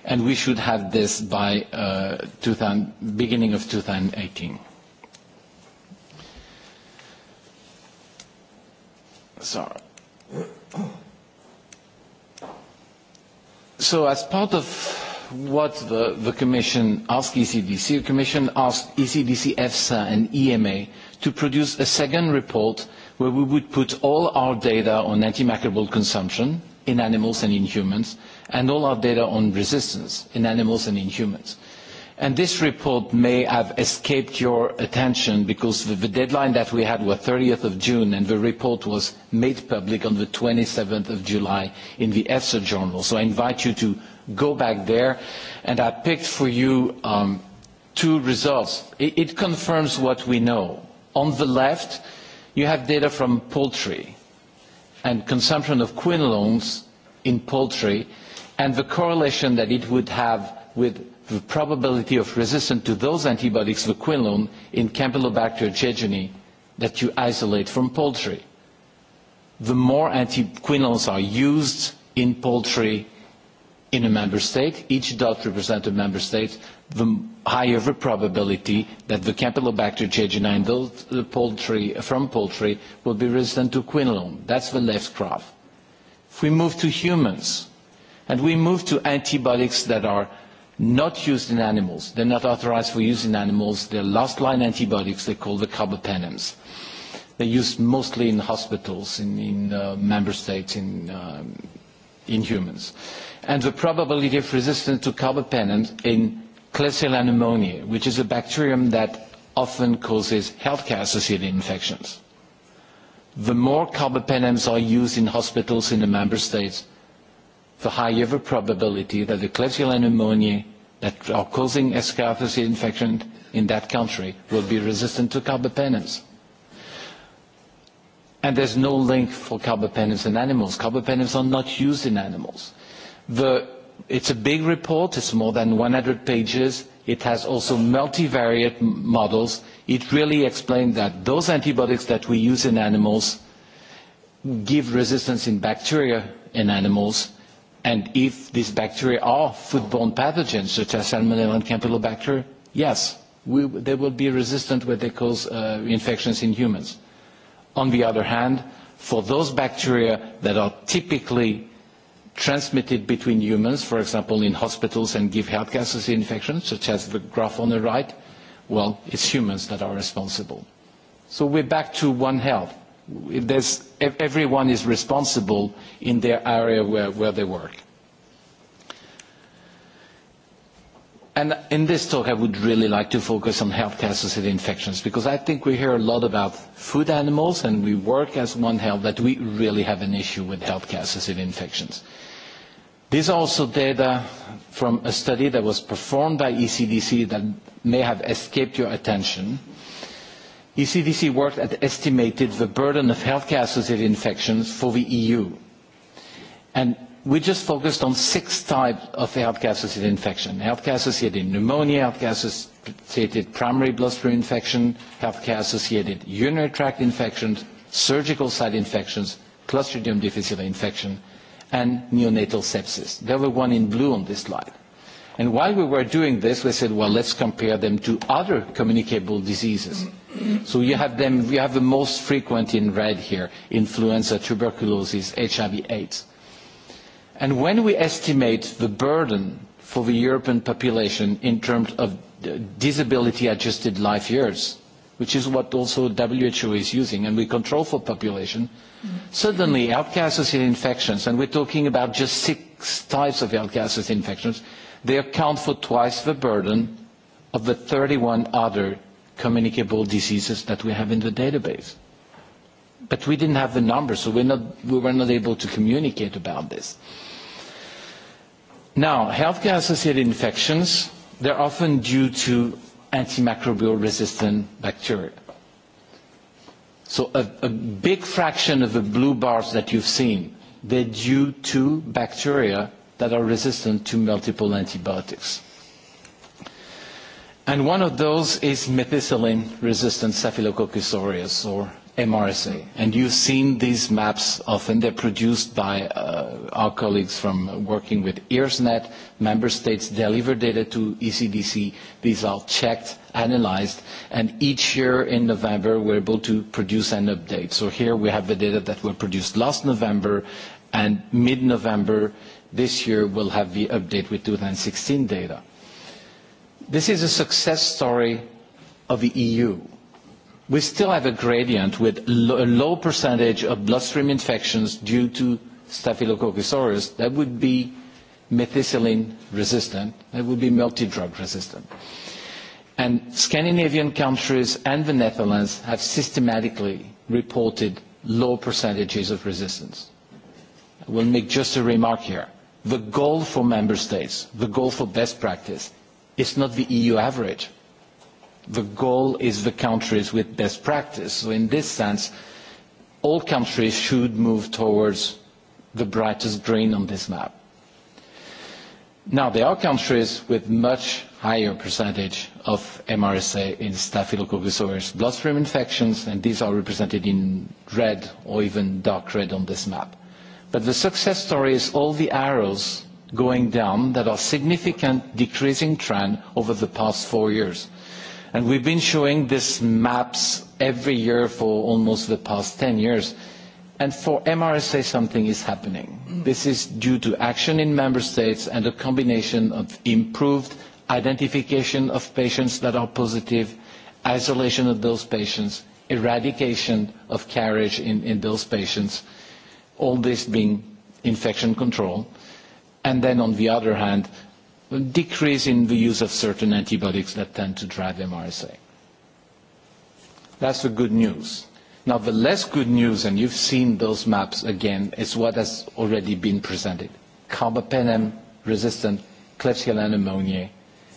and we should have this by uh, beginning of 2018. Sorry. So as part of what the, the Commission asked ECDC, the Commission asked ECDC, EFSA and EMA to produce a second report where we would put all our data on antimicrobial consumption, in animals and in humans, and all our data on resistance in animals and in humans. And this report may have escaped your attention because the, the deadline that we had was 30th of June and the report was made public on the 27th of July in the EFSA journal. So I invite you to go back there and I picked for you um, two results. It, it confirms what we know. On the left, you have data from poultry and consumption of quinolones in poultry and the correlation that it would have with the probability of resistance to those antibiotics, the quinolone, in Campylobacter jejuni that you isolate from poultry. The more antiquinolones are used in poultry in a member state, each dot represents a member state, the higher the probability that the Campylobacter jejuni poultry, from poultry will be resistant to quinolone. That's the left graph. If we move to humans, and we move to antibiotics that are not used in animals, they're not authorized for use in animals, they're last-line antibiotics, they're called the carbapenems. They're used mostly in hospitals, in, in uh, member states, in, um, in humans. And the probability of resistance to carbapenems in Klebsiella pneumoniae, which is a bacterium that often causes healthcare-associated infections. The more carbapenems are used in hospitals in the member states, the higher the probability that the Klebsiella pneumoniae that are causing healthcare-associated infection in that country will be resistant to carbapenems. And there's no link for carbapenems in animals. Carbapenems are not used in animals. The It's a big report. It's more than 100 pages. It has also multivariate models. It really explained that those antibiotics that we use in animals give resistance in bacteria in animals, and if these bacteria are foodborne pathogens, such as Salmonella and Campylobacter, yes, we, they will be resistant when they cause uh, infections in humans. On the other hand, for those bacteria that are typically transmitted between humans, for example, in hospitals and give health gases infections, such as the graph on the right, well, it's humans that are responsible. So we're back to One Health. There's, everyone is responsible in their area where, where they work. And in this talk, I would really like to focus on health associated infections because I think we hear a lot about food animals and we work as One Health that we really have an issue with healthcare-associated infections. These are also data from a study that was performed by ECDC that may have escaped your attention. ECDC worked at estimated the burden of healthcare-associated infections for the EU. And we just focused on six types of healthcare-associated infection. Healthcare-associated pneumonia, healthcare-associated primary bloodstream infection, healthcare-associated urinary tract infections, surgical site infections, Clostridium difficile infection, and neonatal sepsis. They were one in blue on this slide. And while we were doing this, we said, well, let's compare them to other communicable diseases. So you have them, we have the most frequent in red here, influenza, tuberculosis, HIV, AIDS. And when we estimate the burden for the European population in terms of disability-adjusted life years, which is what also WHO is using, and we control for population, suddenly healthcare-associated infections, and we're talking about just six types of healthcare-associated infections, they account for twice the burden of the 31 other communicable diseases that we have in the database. But we didn't have the numbers, so we're not, we were not able to communicate about this. Now, healthcare-associated infections, they're often due to antimicrobial resistant bacteria. So a, a big fraction of the blue bars that you've seen, they're due to bacteria that are resistant to multiple antibiotics. And one of those is methicillin-resistant Staphylococcus aureus, or MRSA. And you've seen these maps often. They're produced by uh, our colleagues from working with EARSNet. Member states deliver data to ECDC. These are checked, analyzed, and each year in November we're able to produce an update. So here we have the data that were produced last November and mid-November this year we'll have the update with 2016 data. This is a success story of the EU we still have a gradient with a low percentage of bloodstream infections due to Staphylococcus aureus that would be methicillin resistant, that would be multi-drug resistant. And Scandinavian countries and the Netherlands have systematically reported low percentages of resistance. I will make just a remark here. The goal for member states, the goal for best practice, is not the EU average The goal is the countries with best practice. So in this sense, all countries should move towards the brightest green on this map. Now, there are countries with much higher percentage of MRSA in Staphylococcus aureus bloodstream infections, and these are represented in red or even dark red on this map. But the success story is all the arrows going down that are significant decreasing trend over the past four years. And we've been showing these maps every year for almost the past 10 years. And for MRSA, something is happening. This is due to action in member states and a combination of improved identification of patients that are positive, isolation of those patients, eradication of carriage in, in those patients, all this being infection control. And then on the other hand, decrease in the use of certain antibiotics that tend to drive MRSA. That's the good news. Now, the less good news, and you've seen those maps again, is what has already been presented. Carbapenem-resistant Klebsiella pneumoniae,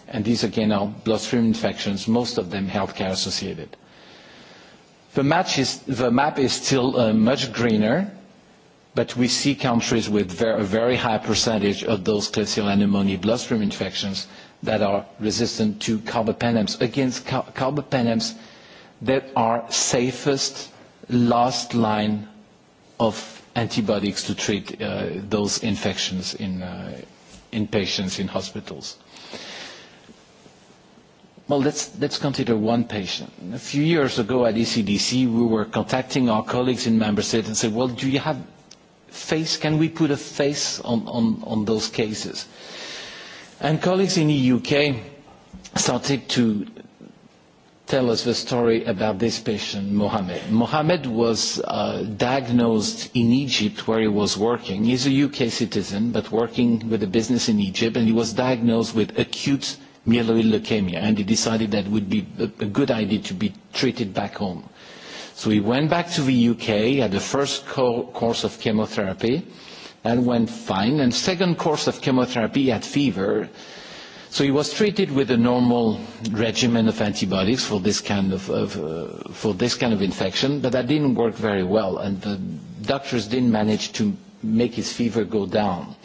and these again are bloodstream infections, most of them healthcare associated. The, match is, the map is still uh, much greener, but we see countries with a very high percentage of those Klebsiella pneumoniae bloodstream infections that are resistant to carbapenems, against carbapenems that are safest last line of antibiotics to treat those infections in, patients in hospitals. Well, let's, let's consider one patient. A few years ago at ECDC, we were contacting our colleagues in member states and said, well, do you have face, can we put a face on, on, on those cases? And colleagues in the UK started to tell us the story about this patient, Mohammed. Mohammed was uh, diagnosed in Egypt where he was working. He's a UK citizen, but working with a business in Egypt, and he was diagnosed with acute myeloid leukemia, and he decided that it would be a, a good idea to be treated back home. So he went back to the UK, had the first co- course of chemotherapy, and went fine. And second course of chemotherapy, he had fever. So he was treated with a normal regimen of antibiotics for this kind of, of uh, for this kind of infection, but that didn't work very well, and the doctors didn't manage to make his fever go down.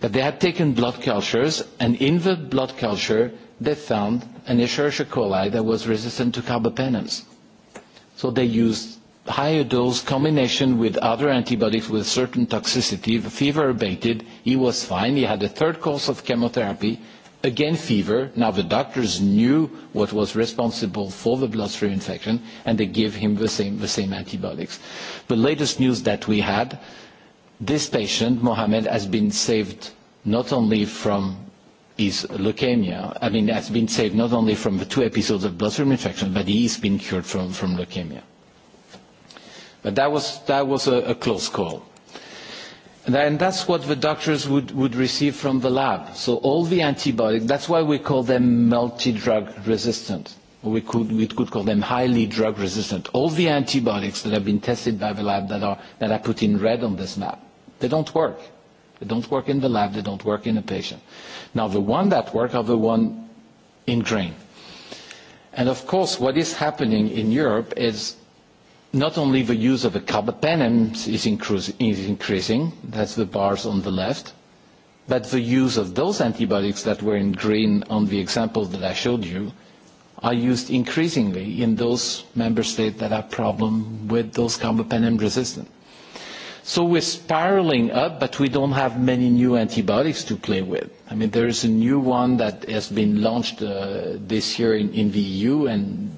But they had taken blood cultures, and in the blood culture, they found an Escherichia coli that was resistant to carbapenems. So they used higher dose combination with other antibiotics with certain toxicity. The fever abated. He was fine. He had a third course of chemotherapy. Again, fever. Now the doctors knew what was responsible for the bloodstream infection, and they gave him the same, the same antibiotics. The latest news that we had, this patient, Mohammed, has been saved not only from is leukemia. I mean, has been saved not only from the two episodes of bloodstream infection, but he's been cured from, from leukemia. But that was, that was a, a close call. And, that's what the doctors would, would receive from the lab. So all the antibiotics, that's why we call them multi-drug resistant. We could, we could call them highly drug resistant. All the antibiotics that have been tested by the lab that are, that are put in red on this map, they don't work They don't work in the lab. They don't work in a patient. Now, the one that work are the one in grain. And of course, what is happening in Europe is not only the use of a carbapenem is, is increasing, that's the bars on the left, but the use of those antibiotics that were in green on the example that I showed you are used increasingly in those member states that have problem with those carbapenem resistant. So we're spiraling up, but we don't have many new antibiotics to play with. I mean, there is a new one that has been launched uh, this year in, in the EU, and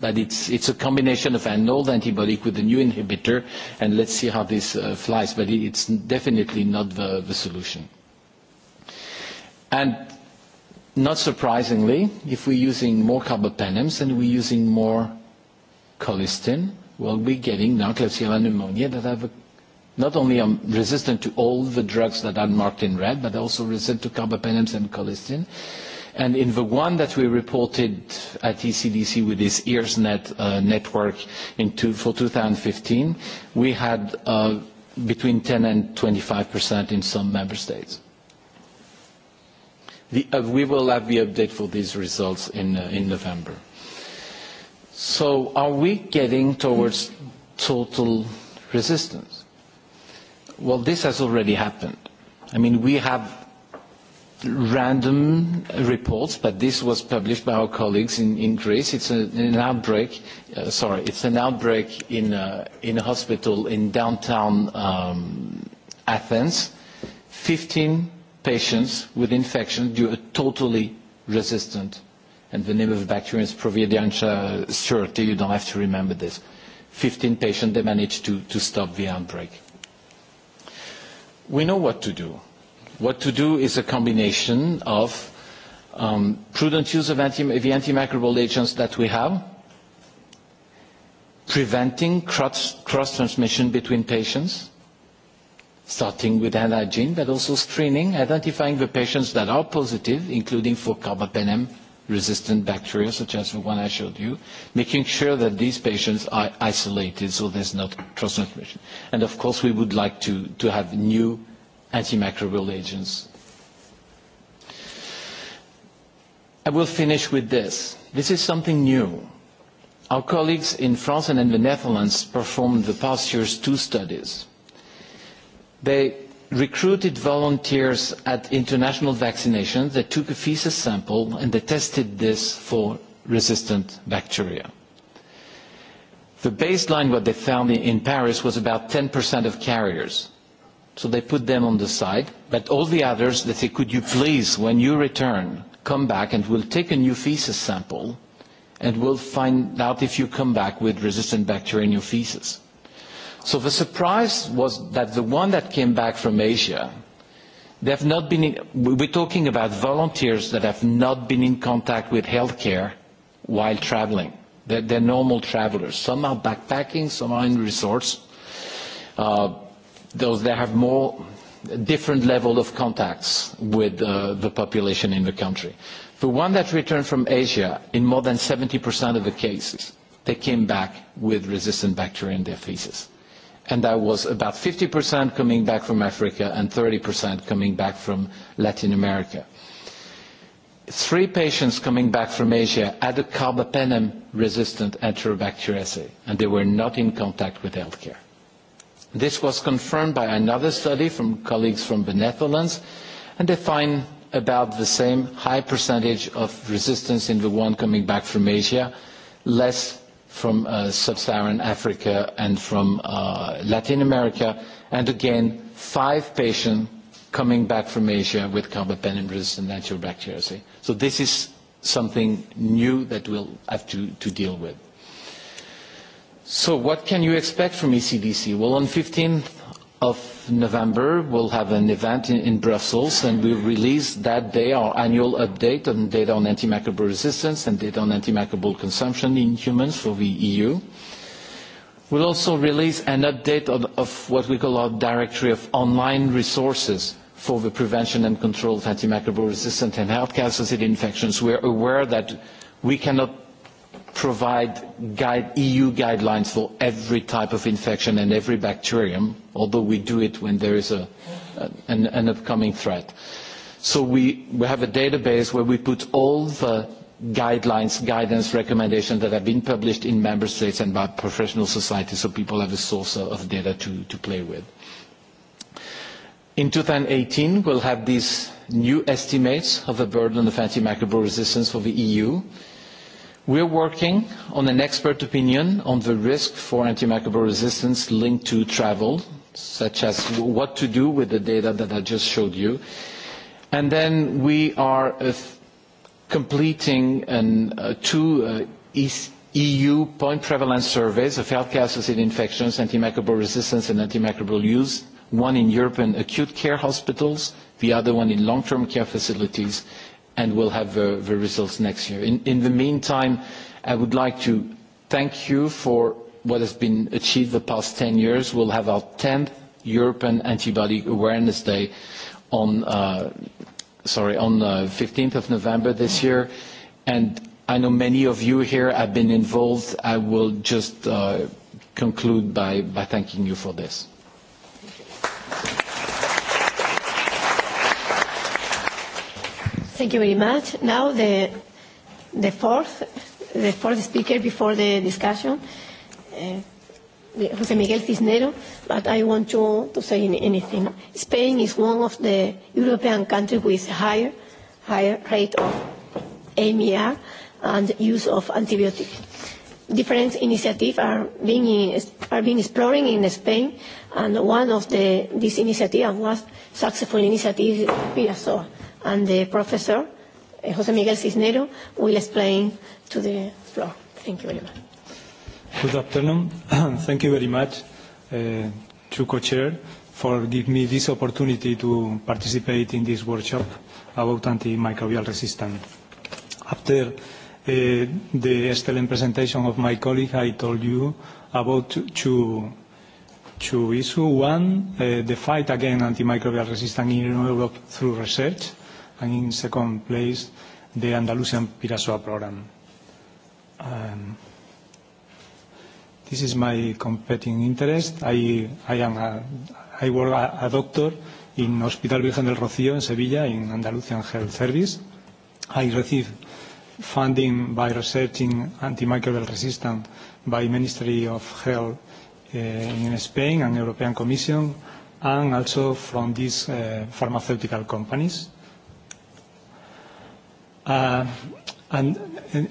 but it's, it's a combination of an old antibiotic with a new inhibitor, and let's see how this uh, flies. But it, it's definitely not the, the solution. And not surprisingly, if we're using more carbapenems and we're using more colistin, well, we're getting now Klebsiella pneumoniae that have a not only am resistant to all the drugs that are marked in red, but also resistant to carbapenems and colistin. And in the one that we reported at ECDC with this EARSnet uh, network in two, for 2015, we had uh, between 10 and 25% in some member states. The, uh, we will have the update for these results in, uh, in November. So are we getting towards total resistance? Well, this has already happened. I mean, we have random reports, but this was published by our colleagues in, in Greece. It's a, an outbreak, uh, sorry, it's an outbreak in, uh, in a hospital in downtown um, Athens. 15 patients with infection due to totally resistant, and the name of the bacterium is Providentia certi, you don't have to remember this. 15 patients, they managed to, to stop the outbreak we know what to do. What to do is a combination of um, prudent use of anti the antimicrobial agents that we have, preventing cross-transmission between patients, starting with hand hygiene, but also screening, identifying the patients that are positive, including for carbapenem resistant bacteria, such as the one I showed you, making sure that these patients are isolated so there's not cross transmission. And of course, we would like to, to have new antimicrobial agents. I will finish with this. This is something new. Our colleagues in France and in the Netherlands performed the past year's two studies. They recruited volunteers at international vaccinations they took a feces sample and they tested this for resistant bacteria. The baseline, what they found in Paris, was about 10% of carriers. So they put them on the side, but all the others, they say, could you please, when you return, come back and we'll take a new feces sample and we'll find out if you come back with resistant bacteria in your feces. So the surprise was that the one that came back from Asia, they have not been, in, we're talking about volunteers that have not been in contact with healthcare while traveling. They're, they're normal travelers. Some are backpacking, some are in resorts. Uh, those that have more different level of contacts with uh, the population in the country. The one that returned from Asia, in more than 70% of the cases, they came back with resistant bacteria in their feces and that was about 50% coming back from Africa and 30% coming back from Latin America. Three patients coming back from Asia had a carbapenem-resistant Enterobacteriaceae, and they were not in contact with healthcare. This was confirmed by another study from colleagues from the Netherlands, and they find about the same high percentage of resistance in the one coming back from Asia, less from uh, sub-Saharan Africa and from uh, Latin America, and again, five patients coming back from Asia with carbapenem-resistant natural bacteriaceae. So this is something new that we'll have to, to deal with. So what can you expect from ECDC? Well, on 15th of November, we'll have an event in, in Brussels, and we'll release that day our annual update on data on antimicrobial resistance and data on antimicrobial consumption in humans for the EU. We'll also release an update of, of what we call our directory of online resources for the prevention and control of antimicrobial resistant and healthcare-associated infections. We're aware that we cannot provide guide, EU guidelines for every type of infection and every bacterium, although we do it when there is a, an, an upcoming threat. So we, we have a database where we put all the guidelines, guidance, recommendations that have been published in member states and by professional societies so people have a source of data to, to play with. In 2018, we'll have these new estimates of the burden of antimicrobial resistance for the EU We are working on an expert opinion on the risk for antimicrobial resistance linked to travel, such as what to do with the data that I just showed you. And then we are completing an two EU point prevalence surveys of healthcare-associated infections, antimicrobial resistance, and antimicrobial use, one in European acute care hospitals, the other one in long-term care facilities, and we'll have the results next year. In the meantime, I would like to thank you for what has been achieved the past 10 years. We'll have our 10th European Antibody Awareness Day on sorry, on the 15th of November this year. And I know many of you here have been involved. I will just conclude by thanking you for this. Thank you. Thank you very much. Now the, the, fourth, the fourth speaker before the discussion, uh, Jose Miguel Cisnero, but I want to, to say anything. Spain is one of the European countries with higher, higher rate of AMR and use of antibiotics. Different initiatives are being, in, are being exploring in Spain, and one of the, these initiatives was successful initiative Pirasoa and the professor, José Miguel Cisnero, will explain to the floor. Thank you very much. Good afternoon. Thank you very much uh, to co-chair for giving me this opportunity to participate in this workshop about antimicrobial resistance. After the excellent presentation of my colleague, I told you about two two issues. One, the fight against antimicrobial resistance in Europe through research, and in second place, the Andalusian Pirasoa program. Um, this is my competing interest. I, I, am a, I work a, a doctor in Hospital Virgen del Rocío in Sevilla in Andalusian Health Service. I receive funding by researching antimicrobial resistance by Ministry of Health uh, in Spain and European Commission and also from these uh, pharmaceutical companies. And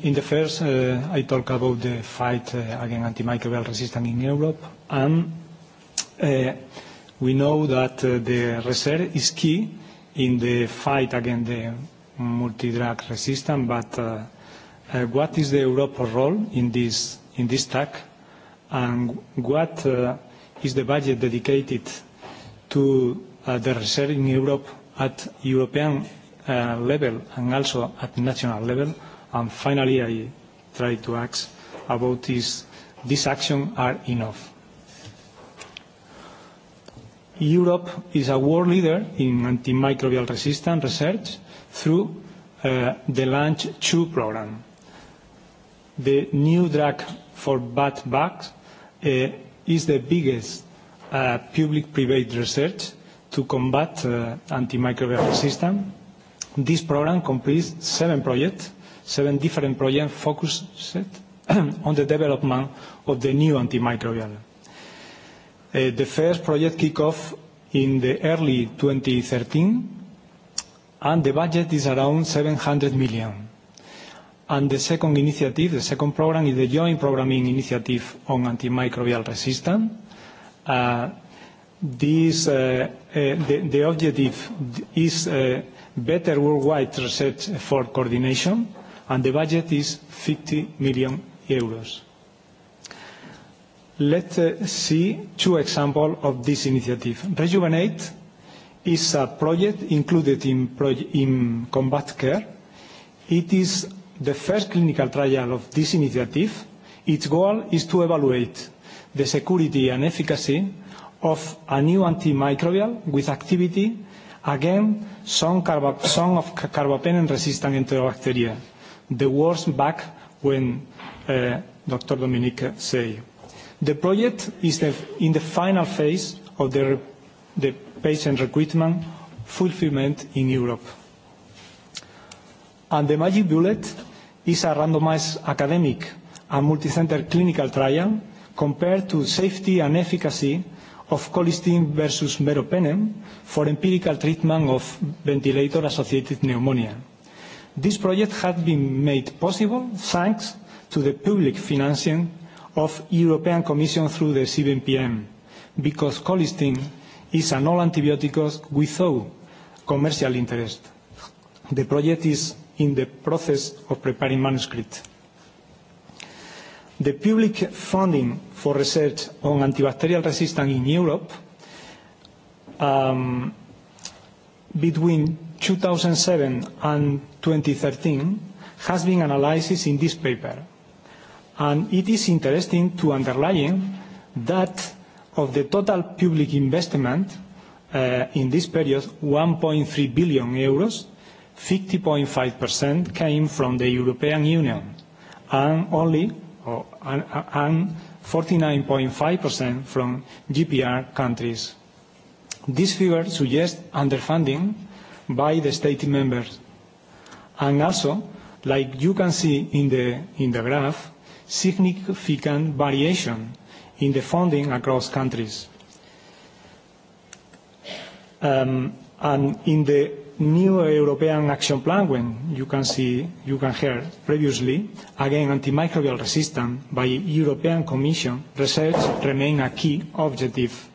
in the first, I talk about the fight against antimicrobial resistance in Europe. And we know that the research is key in the fight against the multi-drug resistance, but what is the Europe's role in this in this task? And what is the budget dedicated to the research in Europe at European level and also at national level. And finally, I try to ask about this, these actions are enough. Europe is a world leader in antimicrobial resistant research through uh, the LAUNCH 2 program. The new drug for bat bugs uh, is the biggest uh, public-private research to combat uh, antimicrobial resistance This program completes seven projects, seven different projects focused on the development of the new antimicrobial. The first project kicked off in the early 2013, and the budget is around 700 million. And The second initiative, the second program, is the Joint Programming Initiative on Antimicrobial Resistance. This, the objective is better worldwide research effort coordination, and the budget is 50 million euros. Let's see two examples of this initiative. Rejuvenate is a project included in Combat Care. It is the first clinical trial of this initiative. Its goal is to evaluate the security and efficacy of a new antimicrobial with activity Again, some, of carbapenem-resistant Enterobacteria, the worst back when uh, Dr. Dominique said. The project is the, in the final phase of the, the patient recruitment fulfillment in Europe. And the magic bullet is a randomized academic and multicenter clinical trial compared to safety and efficacy of colistin versus meropenem for empirical treatment of ventilator-associated pneumonia. This project has been made possible thanks to the public financing of European Commission through the CBMPM, because colistin is an all antibiotic without commercial interest. The project is in the process of preparing manuscript the public funding for research on antibacterial resistance in Europe um, between 2007 and 2013 has been analyzed in this paper. And it is interesting to underline that of the total public investment uh, in this period, 1.3 billion euros, 50.5% came from the European Union, and only and 49.5% from GPR countries. This figure suggests underfunding by the state members. And also, like you can see in the, in the graph, significant variation in the funding across countries. and in the new European Action Plan, when you can see, you can hear previously, again, antimicrobial resistance by European Commission, research remain a key objective,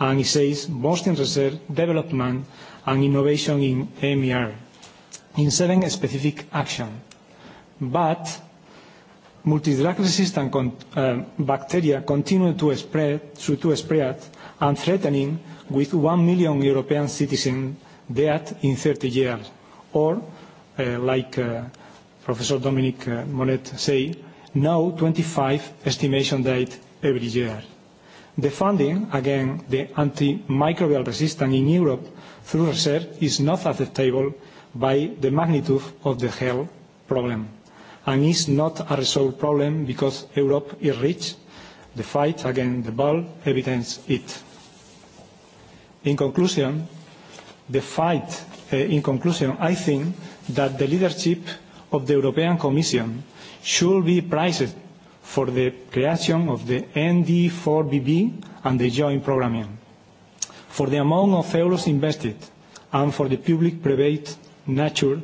and it says boosting research, development, and innovation in MER, in seven specific action. But multidrug resistant con uh, bacteria continue to spread, to spread and threatening with one million European citizens that in 30 years, or, like Professor Dominic Monet say, now 25 estimation date every year. The funding against the antimicrobial resistance in Europe through research is not acceptable by the magnitude of the health problem, and is not a resolved problem because Europe is rich. The fight against the ball evidence it. In conclusion, the fight, in conclusion, I think that the leadership of the European Commission should be prized for the creation of the ND4BB and the joint programming, for the amount of euros invested, and for the public-private nature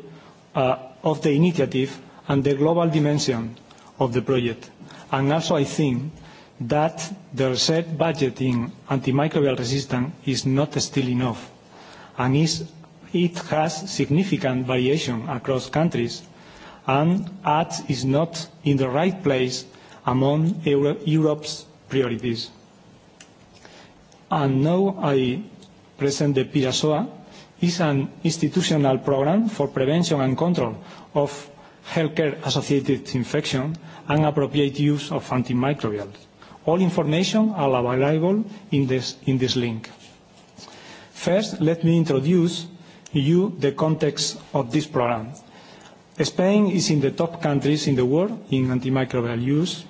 uh, of the initiative and the global dimension of the project. And also I think that the research budget in antimicrobial resistance is not still enough and is, it has significant variation across countries, and ads is not in the right place among Euro Europe's priorities. And now I present the PIRASOA, is an institutional program for prevention and control of healthcare-associated infection and appropriate use of antimicrobials. All information are available in this, in this link. First, let me introduce you the context of this program. Spain is in the top countries in the world in antimicrobial use,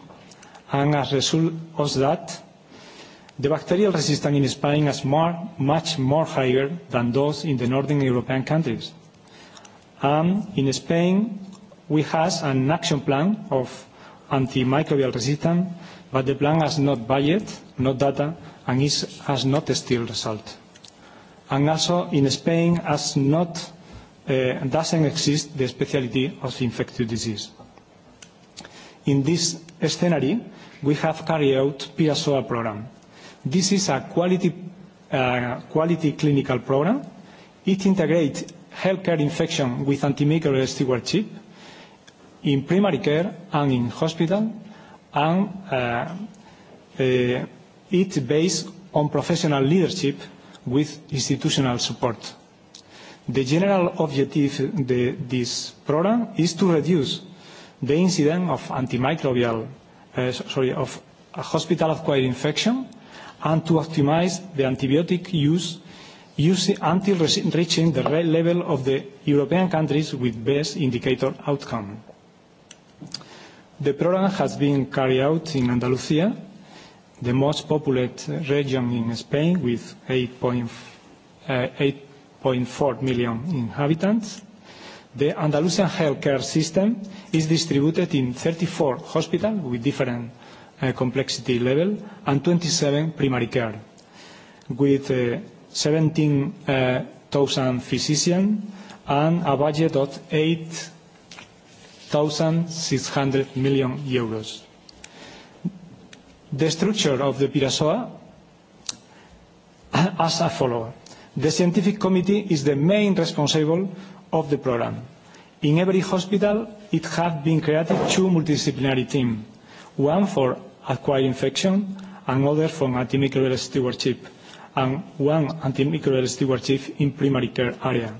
and as a result of that, the bacterial resistance in Spain is more, much more higher than those in the northern European countries. And in Spain, we have an action plan of antimicrobial resistance, but the plan has not budget, no data, and it has not still result and also in Spain as not uh, doesn't exist the specialty of infectious disease. In this scenario, we have carried out PSOA program. This is a quality, uh, quality clinical program. It integrates healthcare infection with antimicrobial stewardship in primary care and in hospital, and uh, uh, it's based on professional leadership with institutional support. The general objective of this program is to reduce the incidence of antimicrobial, uh, sorry, of a hospital-acquired infection and to optimize the antibiotic use until reaching the level of the European countries with best indicator outcome. The program has been carried out in Andalusia the most populous region in Spain with 8.4 million inhabitants. The Andalusian healthcare system is distributed in 34 hospitals with different complexity level and 27 primary care, with 17,000 physicians and a budget of 8,600 million euros. The structure of the Pirasoa as a follower. The scientific committee is the main responsible of the program. In every hospital, it has been created two multidisciplinary teams, one for acquired infection and other for antimicrobial stewardship, and one antimicrobial stewardship in primary care area.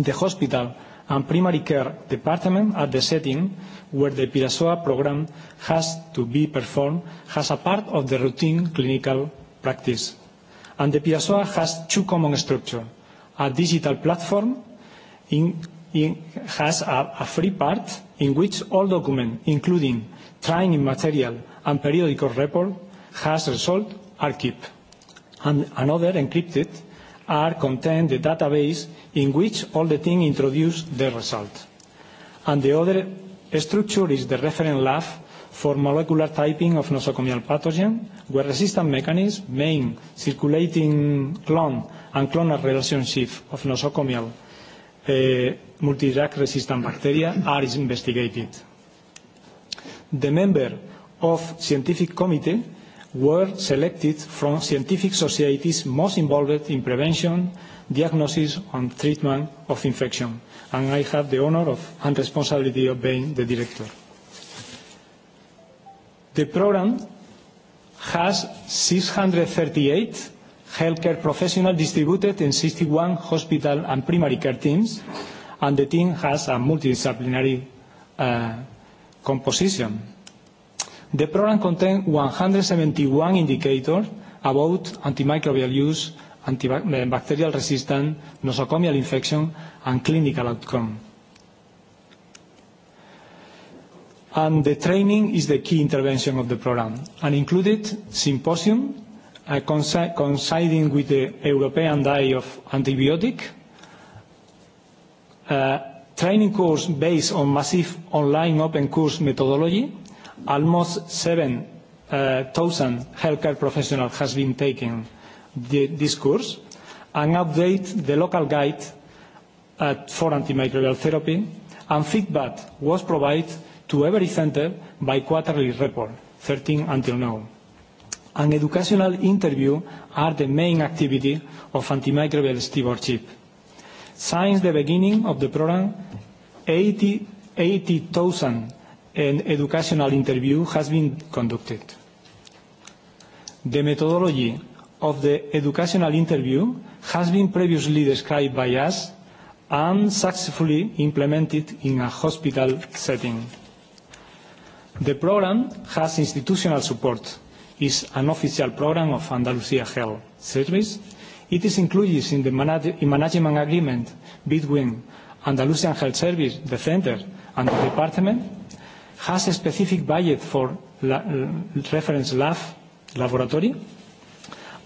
The hospital and primary care department at the setting where the Pirasoa program has to be performed as a part of the routine clinical practice. And the Pirasoa has two common structures. A digital platform in, in, has a, a free part in which all documents, including training material and periodical report, has result are kept. And another encrypted are contained the database in which all the team introduce the result. And the other structure is the reference lab for molecular typing of nosocomial pathogen, where resistant mechanism, main circulating clone and clonal relationship of nosocomial uh, multidrug resistant bacteria are investigated. The member of scientific committee were selected from scientific societies most involved in prevention, diagnosis and treatment of infection, and I have the honor of and responsibility of being the director. The program has 638 healthcare professionals distributed in 61 hospital and primary care teams, and the team has a multidisciplinary uh, composition The program contains 171 indicators about antimicrobial use, antibacterial resistance, nosocomial infection, and clinical outcome. And the training is the key intervention of the program, and included symposium uh, coinciding with the European Day of Antibiotic, uh, training course based on massive online open course methodology, Almost 7,000 healthcare professionals has been taking the, this course and update the local guide for antimicrobial therapy and feedback was provided to every centre by quarterly report, 13 until now. An educational interview are the main activity of antimicrobial stewardship. Since the beginning of the program, 80,000 an educational interview has been conducted. The methodology of the educational interview has been previously described by us and successfully implemented in a hospital setting. The program has institutional support, is an official program of Andalusia Health Service. It is included in the management agreement between Andalusian Health Service, the center, and the department has a specific budget for reference lab laboratory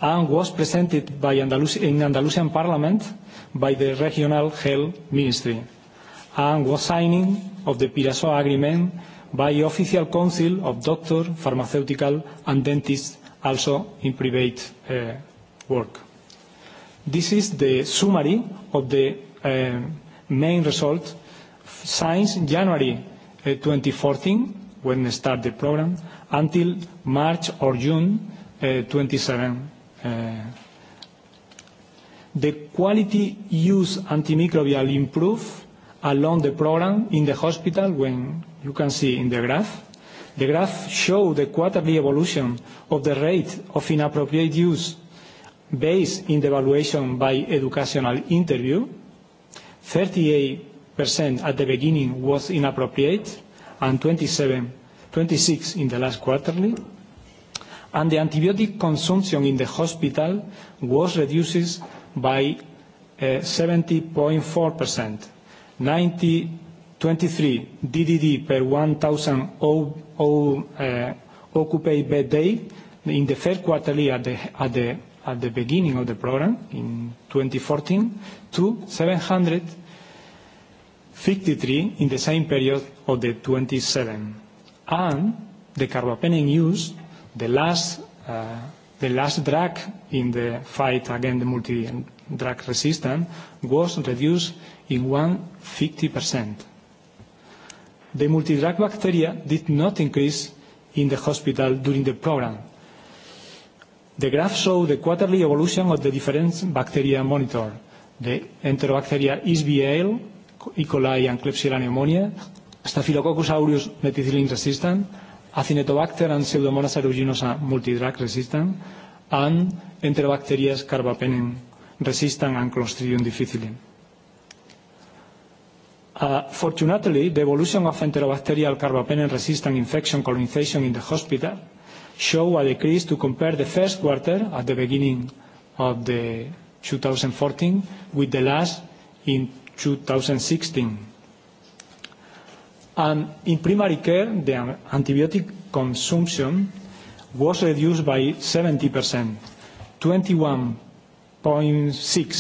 and was presented by the in Andalusian Parliament by the Regional Health Ministry and was signing of the Pirasoa Agreement by the Official Council of Doctors, Pharmaceutical and Dentists, also in private work. This is the summary of the main result signed January 2014, when we start the program, until March or June 2027. The quality use antimicrobial improve along the program in the hospital when you can see in the graph. The graph show the quarterly evolution of the rate of inappropriate use based in the evaluation by educational interview. 38 percent at the beginning was inappropriate, and 26 in the last quarterly. the antibiotic consumption in the hospital was reduced by 70.4%, 90.23 DDD per 1,000 occupied bed day in the third quarterly at the beginning of the program in 2014 to 700 53 in the same period of the 27. And the carbapenem use, the last, uh, the last drug in the fight against the multi-drug resistance, was reduced in 150%. The multi-drug bacteria did not increase in the hospital during the program. The graph showed the quarterly evolution of the different bacteria monitor. The Enterobacteria isbl E. coli and Klebsiella pneumonia, Staphylococcus aureus methicillin resistant, Acinetobacter and Pseudomonas aeruginosa multidrug resistant, and Enterobacterias carbapenem resistant and Clostridium difficile. Uh, fortunately, the evolution of enterobacterial carbapenem-resistant infection colonization in the hospital show a decrease to compare the first quarter at the beginning of the 2014 with the last in 2016. And in primary care, the antibiotic consumption was reduced by 70%, 21.6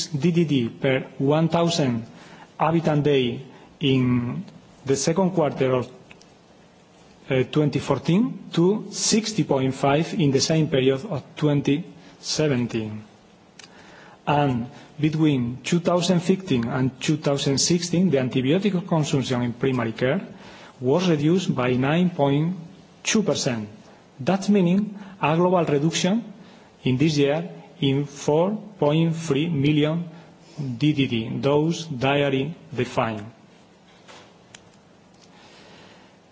DDD per 1,000 habitant day in the second quarter of 2014 to 60.5 in the same period of 2017. And between 2015 and 2016, the antibiotic consumption in primary care was reduced by 9.2%. that meaning a global reduction in this year in 4.3 million DDD, those diary defined.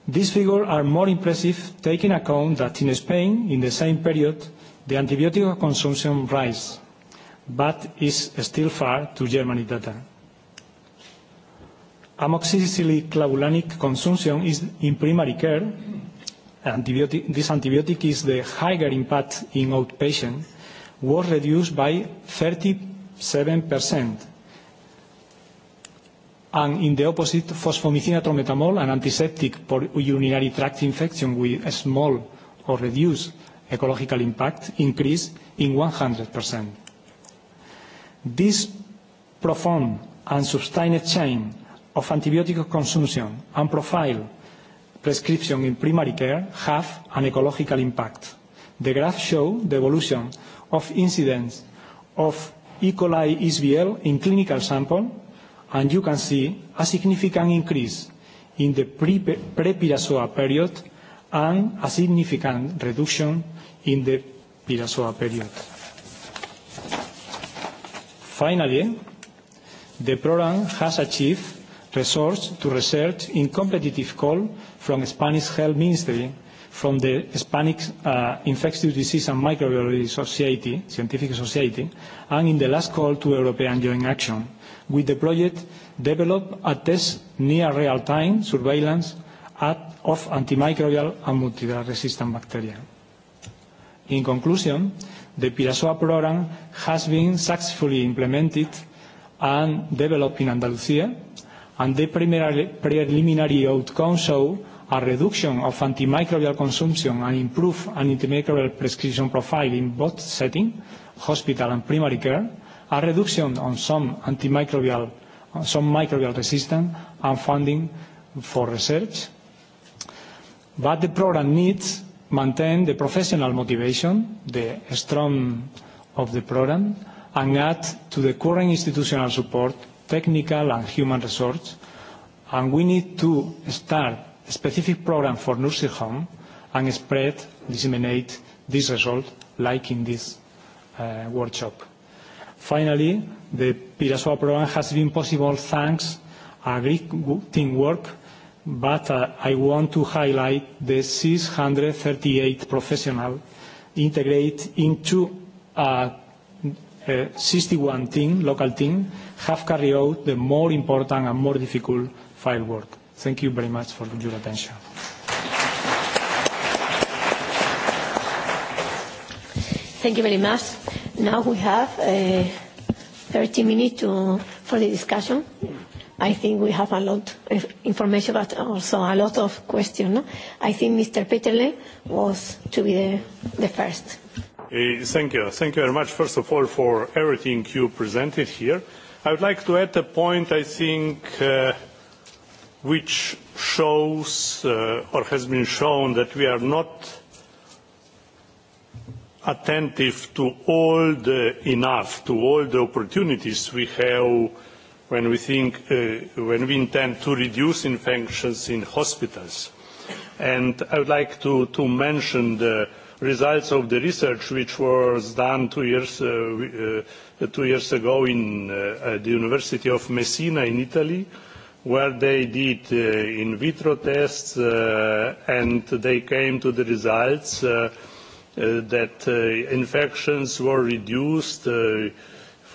These figures are more impressive taking account that in Spain, in the same period, the antibiotic consumption rise but is still far to Germany data. Amoxicillin clavulanic consumption is in primary care. this antibiotic is the higher impact in outpatient, was reduced by 37%. And in the opposite, fosfomycin atrometamol, an antiseptic for urinary tract infection with a small or reduced ecological impact, increased in 100%. This profound and sustained change of antibiotic consumption and profile prescription in primary care have an ecological impact. The graph shows the evolution of incidence of E. coli SBL in clinical sample, and you can see a significant increase in the pre-pirazoa period and a significant reduction in the pirazoa period. Finally, the program has achieved resource to research in competitive call from the Spanish Health Ministry, from the Spanish uh, Infectious Disease and Microbiology Society, Scientific Society, and in the last call to European Joint Action, with the project develop a test near real-time surveillance at, of antimicrobial and multidrug resistant bacteria. In conclusion, the Pirasoa program has been successfully implemented and developed in Andalusia, and the preliminary outcomes show a reduction of antimicrobial consumption and improved antimicrobial prescription profile in both settings, hospital and primary care, a reduction on some antimicrobial, some microbial resistance, and funding for research. But the program needs maintain the professional motivation, the strong of the program, and add to the current institutional support technical and human resources, And we need to start a specific program for nursing home and spread, disseminate this result like in this uh, workshop. Finally, the Pirasua program has been possible thanks to Greek great teamwork but I want to highlight the 638 professionals integrated into a 61 team, local team, have carried out the more important and more difficult file work. Thank you very much for your attention. Thank you very much. Now we have 30 minutes for the discussion. I think we have a lot of information, but also a lot of questions. No? I think Mr. Peterle was to be the, the first. thank you. Thank you very much, first of all, for everything you presented here. I would like to add a point, I think, uh, which shows uh, or has been shown that we are not attentive to all the enough, to all the opportunities we have when we think, uh, when we intend to reduce infections in hospitals. And I would like to, to mention the results of the research which was done two years, uh, uh, years ago in, uh, at the University of Messina in Italy, where they did uh, in vitro tests uh, and they came to the results uh, uh, that uh, infections were reduced uh,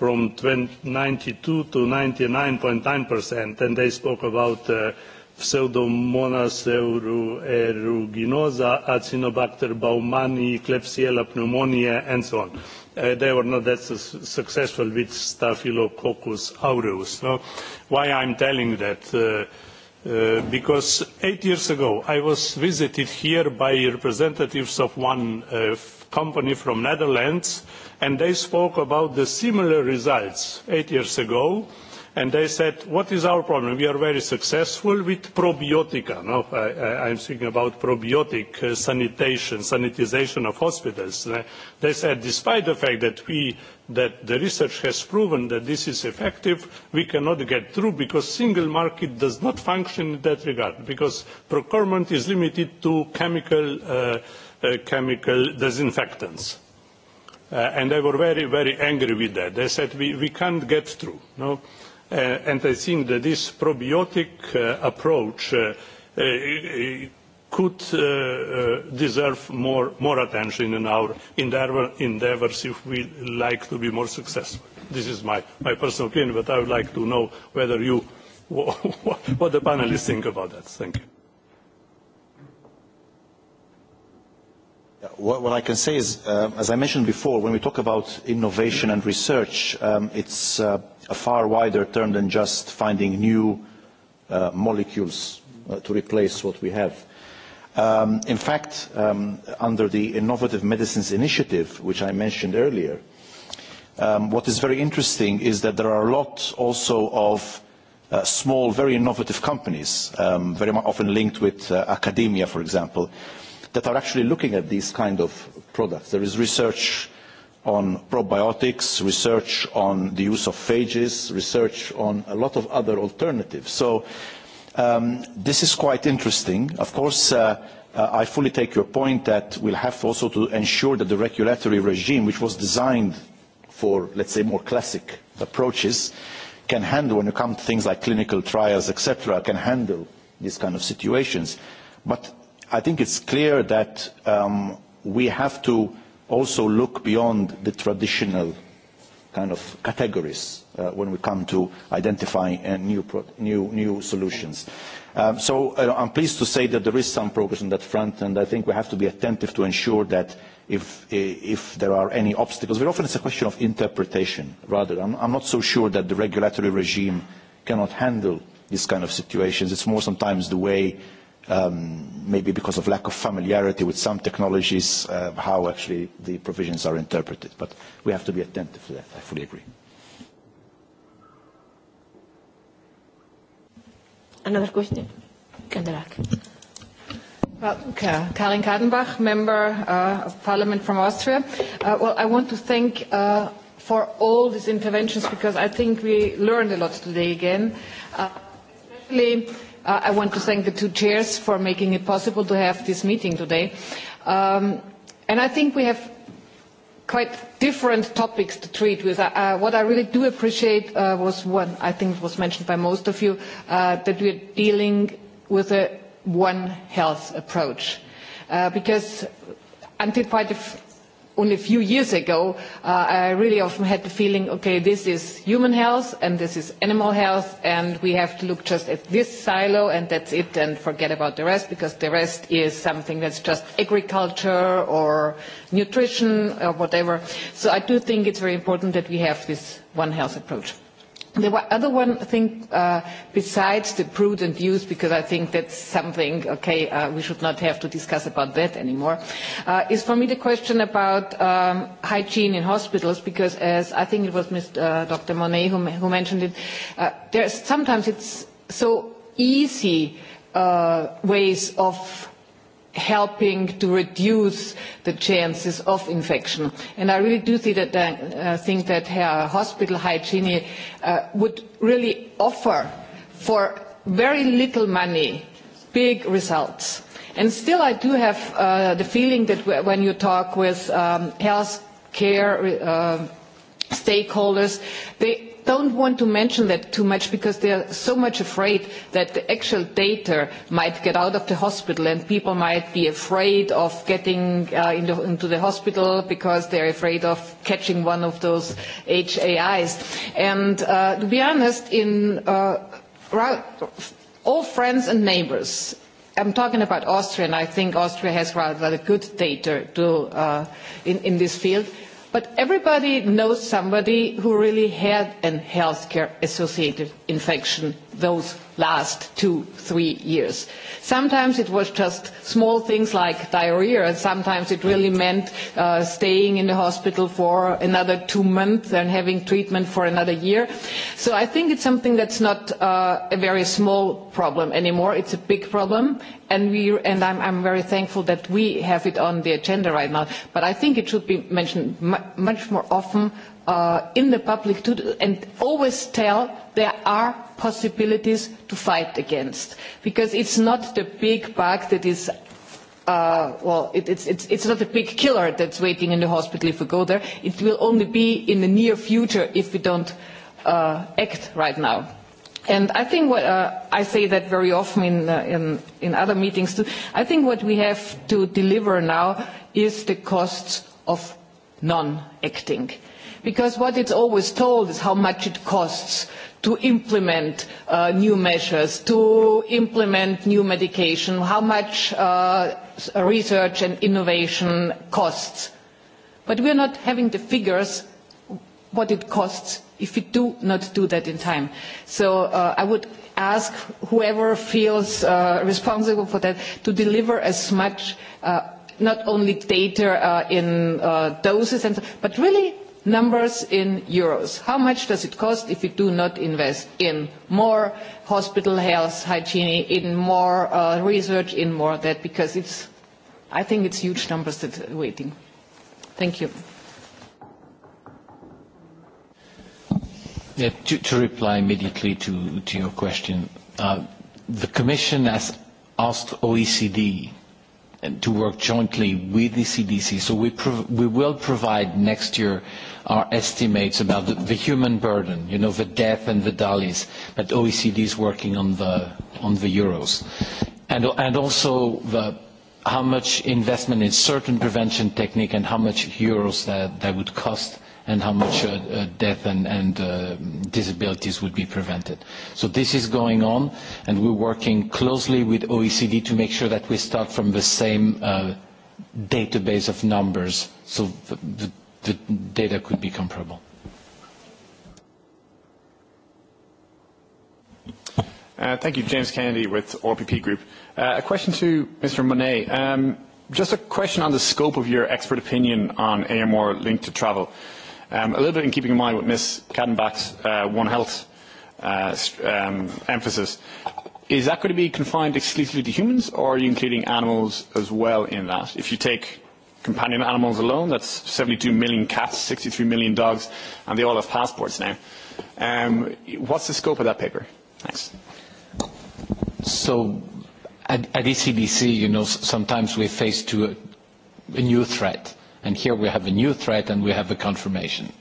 from 92 to 99.9%, and they spoke about uh, Pseudomonas aeruginosa, Acinobacter baumani, Klebsiella pneumoniae, and so on. They were not that successful with Staphylococcus aureus. Now, why I'm telling that? Because eight years ago, I was visited here by representatives of one company from Netherlands, and they spoke about the similar results eight years ago, and they said, what is our problem? We are very successful with probiotica. No, I, I, I'm speaking about probiotic sanitation, sanitization of hospitals. They said, despite the fact that, we, that the research has proven that this is effective, we cannot get through because single market does not function in that regard, because procurement is limited to chemical chemical disinfectants. and they were very, very angry with that. They said, we, we can't get through. No? and I think that this probiotic approach could deserve more, more attention in our endeavours if we like to be more successful. This is my, my personal opinion, but I would like to know whether you, what the panelists think about that. Thank you. What, what I can say is, uh, as I mentioned before, when we talk about innovation and research, um, it's uh, a far wider term than just finding new uh, molecules uh, to replace what we have. Um, in fact, um, under the Innovative Medicines Initiative, which I mentioned earlier, um, what is very interesting is that there are a lot also of uh, small, very innovative companies, um, very often linked with uh, academia, for example, that are actually looking at these kind of products. There is research on probiotics, research on the use of phages, research on a lot of other alternatives. So um, this is quite interesting. Of course, uh, uh, I fully take your point that we'll have also to ensure that the regulatory regime, which was designed for, let's say, more classic approaches, can handle, when you come to things like clinical trials, etc., can handle these kind of situations. But I think it's clear that um, we have to also look beyond the traditional kind of categories uh, when we come to identifying uh, new, pro new, new solutions. Um, so uh, I'm pleased to say that there is some progress on that front, and I think we have to be attentive to ensure that if, if there are any obstacles, very often it's a question of interpretation, rather. I'm, I'm not so sure that the regulatory regime cannot handle these kind of situations. It's more sometimes the way um, maybe because of lack of familiarity with some technologies, uh, how actually the provisions are interpreted. But we have to be attentive to that. I fully agree. Another question? Kandelak. Well, okay. Karin Kadenbach, Member uh, of Parliament from Austria. Uh, well, I want to thank uh, for all these interventions because I think we learned a lot today again. Uh, especially I want to thank the two chairs for making it possible to have this meeting today. and I think we have quite different topics to treat with. Uh, what I really do appreciate uh, was one, I think it was mentioned by most of you, uh, that we are dealing with a one health approach. Uh, because until quite a only a few years ago, uh, I really often had the feeling, okay, this is human health and this is animal health, and we have to look just at this silo and that's it, and forget about the rest because the rest is something that's just agriculture or nutrition or whatever. So I do think it's very important that we have this one health approach. There were other one thing uh, besides the prudent use, because I think that's something, okay, uh, we should not have to discuss about that anymore, uh, is for me the question about um, hygiene in hospitals, because as I think it was Mr. Uh, Dr. Monet who, who mentioned it, uh, there's sometimes it's so easy uh, ways of helping to reduce the chances of infection. And I really do think that, uh, think that uh, hospital hygiene uh, would really offer for very little money big results. And still I do have uh, the feeling that when you talk with um, health care uh, stakeholders, they don't want to mention that too much because they are so much afraid that the actual data might get out of the hospital and people might be afraid of getting uh, into, into the hospital because they're afraid of catching one of those HAIs. And uh, to be honest, in uh, all friends and neighbors, I'm talking about Austria, and I think Austria has rather good data to, uh, in, in this field But everybody knows somebody who really had a healthcare associated infection those last two, three years. Sometimes it was just small things like diarrhea, and sometimes it really meant uh, staying in the hospital for another two months and having treatment for another year. So I think it's something that's not uh, a very small problem anymore. It's a big problem, and, we, and I'm, I'm very thankful that we have it on the agenda right now. But I think it should be mentioned much more often uh, in the public to, and always tell there are possibilities to fight against. Because it's not the big bug that is uh, well, it, it's, it's, it's not a big killer that's waiting in the hospital if we go there. It will only be in the near future if we don't uh, act right now. And I think what, uh, I say that very often in, uh, in, in other meetings too. I think what we have to deliver now is the costs of non-acting because what is always told is how much it costs to implement uh, new measures, to implement new medication, how much uh, research and innovation costs. But we are not having the figures what it costs if we do not do that in time. So uh, I would ask whoever feels uh, responsible for that to deliver as much, uh, not only data uh, in uh, doses, and, but really numbers in euros. How much does it cost if we do not invest in more hospital health hygiene, in more uh, research, in more that? Because it's, I think it's huge numbers that are waiting. Thank you. Yeah, to, to reply immediately to, to your question, uh, the Commission has asked OECD to work jointly with the CDC. So we, prov- we will provide next year our estimates about the, the human burden, you know, the death and the dalis, but OECD is working on the, on the euros. And, and also the, how much investment in certain prevention technique and how much euros that, that would cost and how much uh, uh, death and, and uh, disabilities would be prevented. So this is going on, and we're working closely with OECD to make sure that we start from the same uh, database of numbers, so the, the the data could be comparable. Thank you. James Kennedy with RPP Group. A question to Mr. Monet. Just a question on the scope of your expert opinion on AMR linked to travel. A little bit in keeping in mind with Ms. Kadenbach's One Health emphasis. Is that going to be confined exclusively to humans, or are you including animals as well in that? If you take companion animals alone. That's 72 million cats, 63 million dogs, and they all have passports now. Um, what's the scope of that paper? Thanks. So at, at ECDC, you know, sometimes we face to a, a new threat. And here we have a new threat and we have a confirmation.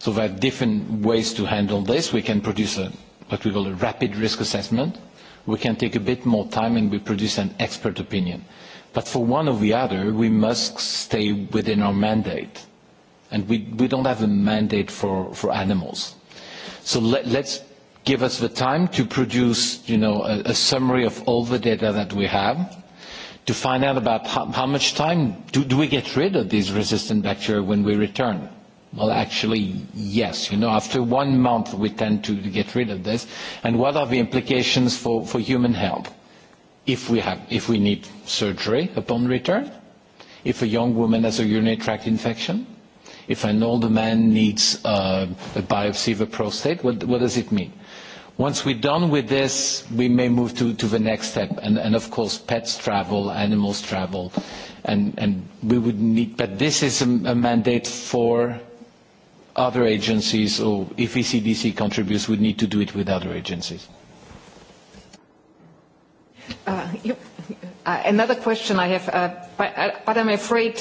So there are different ways to handle this. We can produce a, what we call a rapid risk assessment. We can take a bit more time and we produce an expert opinion. But for one or the other, we must stay within our mandate. And we, we don't have a mandate for, for animals. So let, let's give us the time to produce you know, a, a summary of all the data that we have, to find out about how, how much time do, do we get rid of these resistant bacteria when we return. Well, actually, yes. You know, after one month, we tend to get rid of this. And what are the implications for, for human health? if we, have, if we need surgery upon return, if a young woman has a urinary tract infection, if an older man needs a biopsy of a prostate, what, what does it mean? Once we're done with this, we may move to, to the next step. And, and of course, pets travel, animals travel, and, and we would need, but this is a, a mandate for other agencies, or if ECDC contributes, we need to do it with other agencies. Uh, uh, another question I have, uh, but, uh, but I'm afraid,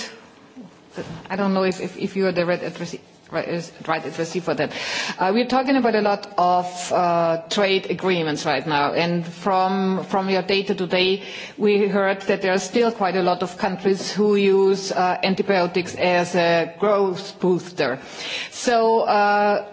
I don't know if, if, if you are the right addressee right addressee for that. Uh, we're talking about a lot of uh, trade agreements right now, and from, from your data today, we heard that there are still quite a lot of countries who use uh, antibiotics as a growth booster. So uh,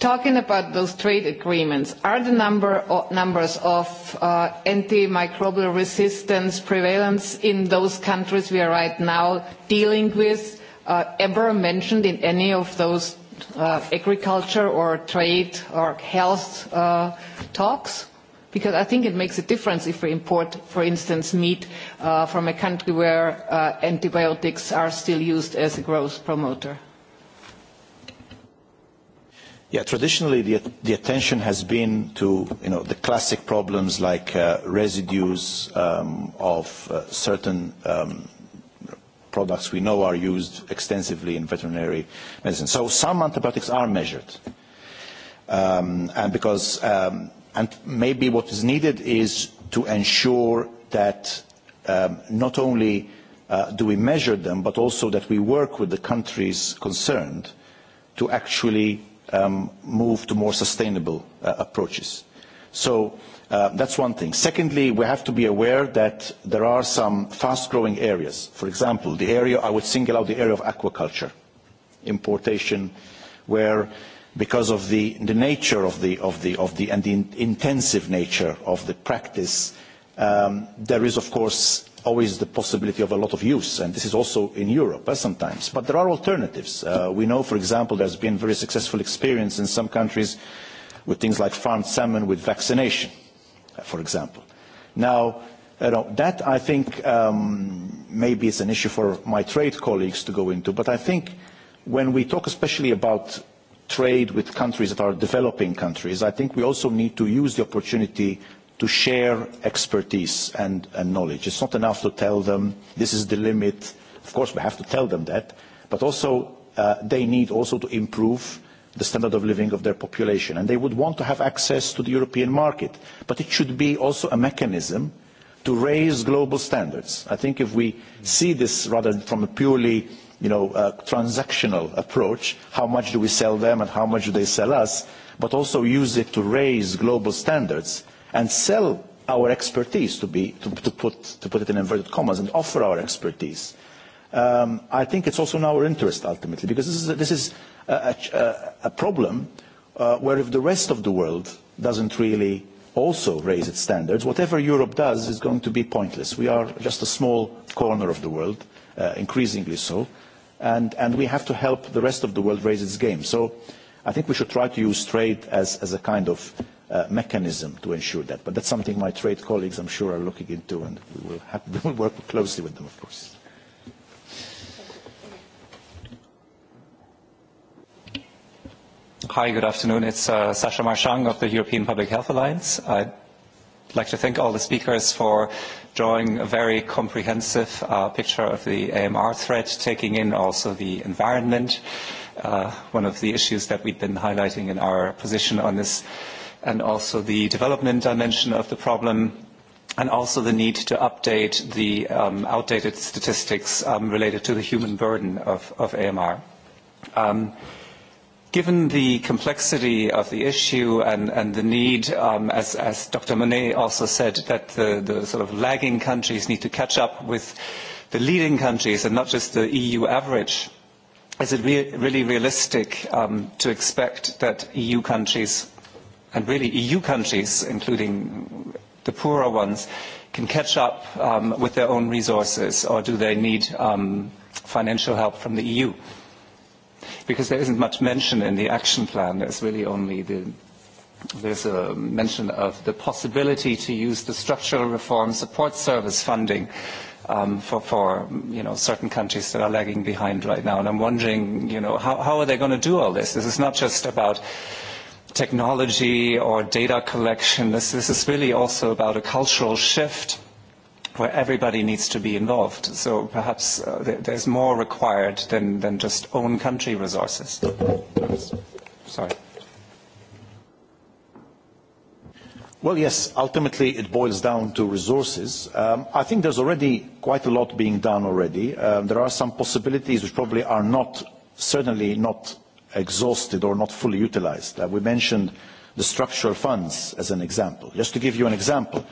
Talking about those trade agreements, are the number numbers of uh, antimicrobial resistance prevalence in those countries we are right now dealing with uh, ever mentioned in any of those uh, agriculture or trade or health uh, talks? Because I think it makes a difference if we import, for instance, meat uh, from a country where uh, antibiotics are still used as a growth promoter. Yeah, traditionally the, the attention has been to you know, the classic problems like uh, residues um, of uh, certain um, products we know are used extensively in veterinary medicine. So some antibiotics are measured. Um, and because um, and maybe what is needed is to ensure that um, not only uh, do we measure them, but also that we work with the countries concerned to actually um, move to more sustainable uh, approaches. So uh, that's one thing. Secondly, we have to be aware that there are some fast-growing areas. For example, the area I would single out the area of aquaculture, importation, where because of the, the nature of the, of the, of the, and the intensive nature of the practice, um, there is, of course, always the possibility of a lot of use, and this is also in Europe sometimes. But there are alternatives. we know, for example, there has been very successful experience in some countries with things like farmed salmon with vaccination, for example. Now, that I think um, maybe it's an issue for my trade colleagues to go into, but I think when we talk especially about trade with countries that are developing countries, I think we also need to use the opportunity to share expertise and, and knowledge. It's not enough to tell them this is the limit. Of course, we have to tell them that, but also uh, they need also to improve the standard of living of their population. And they would want to have access to the European market, but it should be also a mechanism to raise global standards. I think if we see this rather than from a purely you know, uh, transactional approach, how much do we sell them and how much do they sell us, but also use it to raise global standards, and sell our expertise, to, be, to, to, put, to put it in inverted commas, and offer our expertise. Um, I think it's also in our interest, ultimately, because this is, this is a, a, a problem uh, where if the rest of the world doesn't really also raise its standards, whatever Europe does is going to be pointless. We are just a small corner of the world, uh, increasingly so, and, and we have to help the rest of the world raise its game. So I think we should try to use trade as, as a kind of mechanism to ensure that. But that's something my trade colleagues, I'm sure, are looking into, and we will, have, we will work closely with them, of course. Hi, good afternoon. It's uh, Sasha Marchang of the European Public Health Alliance. I'd like to thank all the speakers for drawing a very comprehensive uh, picture of the AMR threat, taking in also the environment, uh, one of the issues that we've been highlighting in our position on this and also the development dimension of the problem, and also the need to update the um, outdated statistics um, related to the human burden of, of AMR. Um, Given the complexity of the issue and, and the need, um, as, as Dr. Monet also said, that the, the sort of lagging countries need to catch up with the leading countries and not just the EU average, is it re- really realistic um, to expect that EU countries and really EU countries, including the poorer ones, can catch up um, with their own resources, or do they need um, financial help from the EU? Because there isn't much mention in the action plan. There's really only the there's a mention of the possibility to use the structural reform support service funding um, for, for you know, certain countries that are lagging behind right now. And I'm wondering, you know, how, how are they going to do all this? This is not just about technology or data collection. This, this is really also about a cultural shift where everybody needs to be involved. So perhaps uh, th- there's more required than, than just own country resources. Sorry. Well, yes, ultimately it boils down to resources. Um, I think there's already quite a lot being done already. Um, there are some possibilities which probably are not, certainly not exhausted or not fully utilised. we mentioned the structural funds as an example. Just to give you an example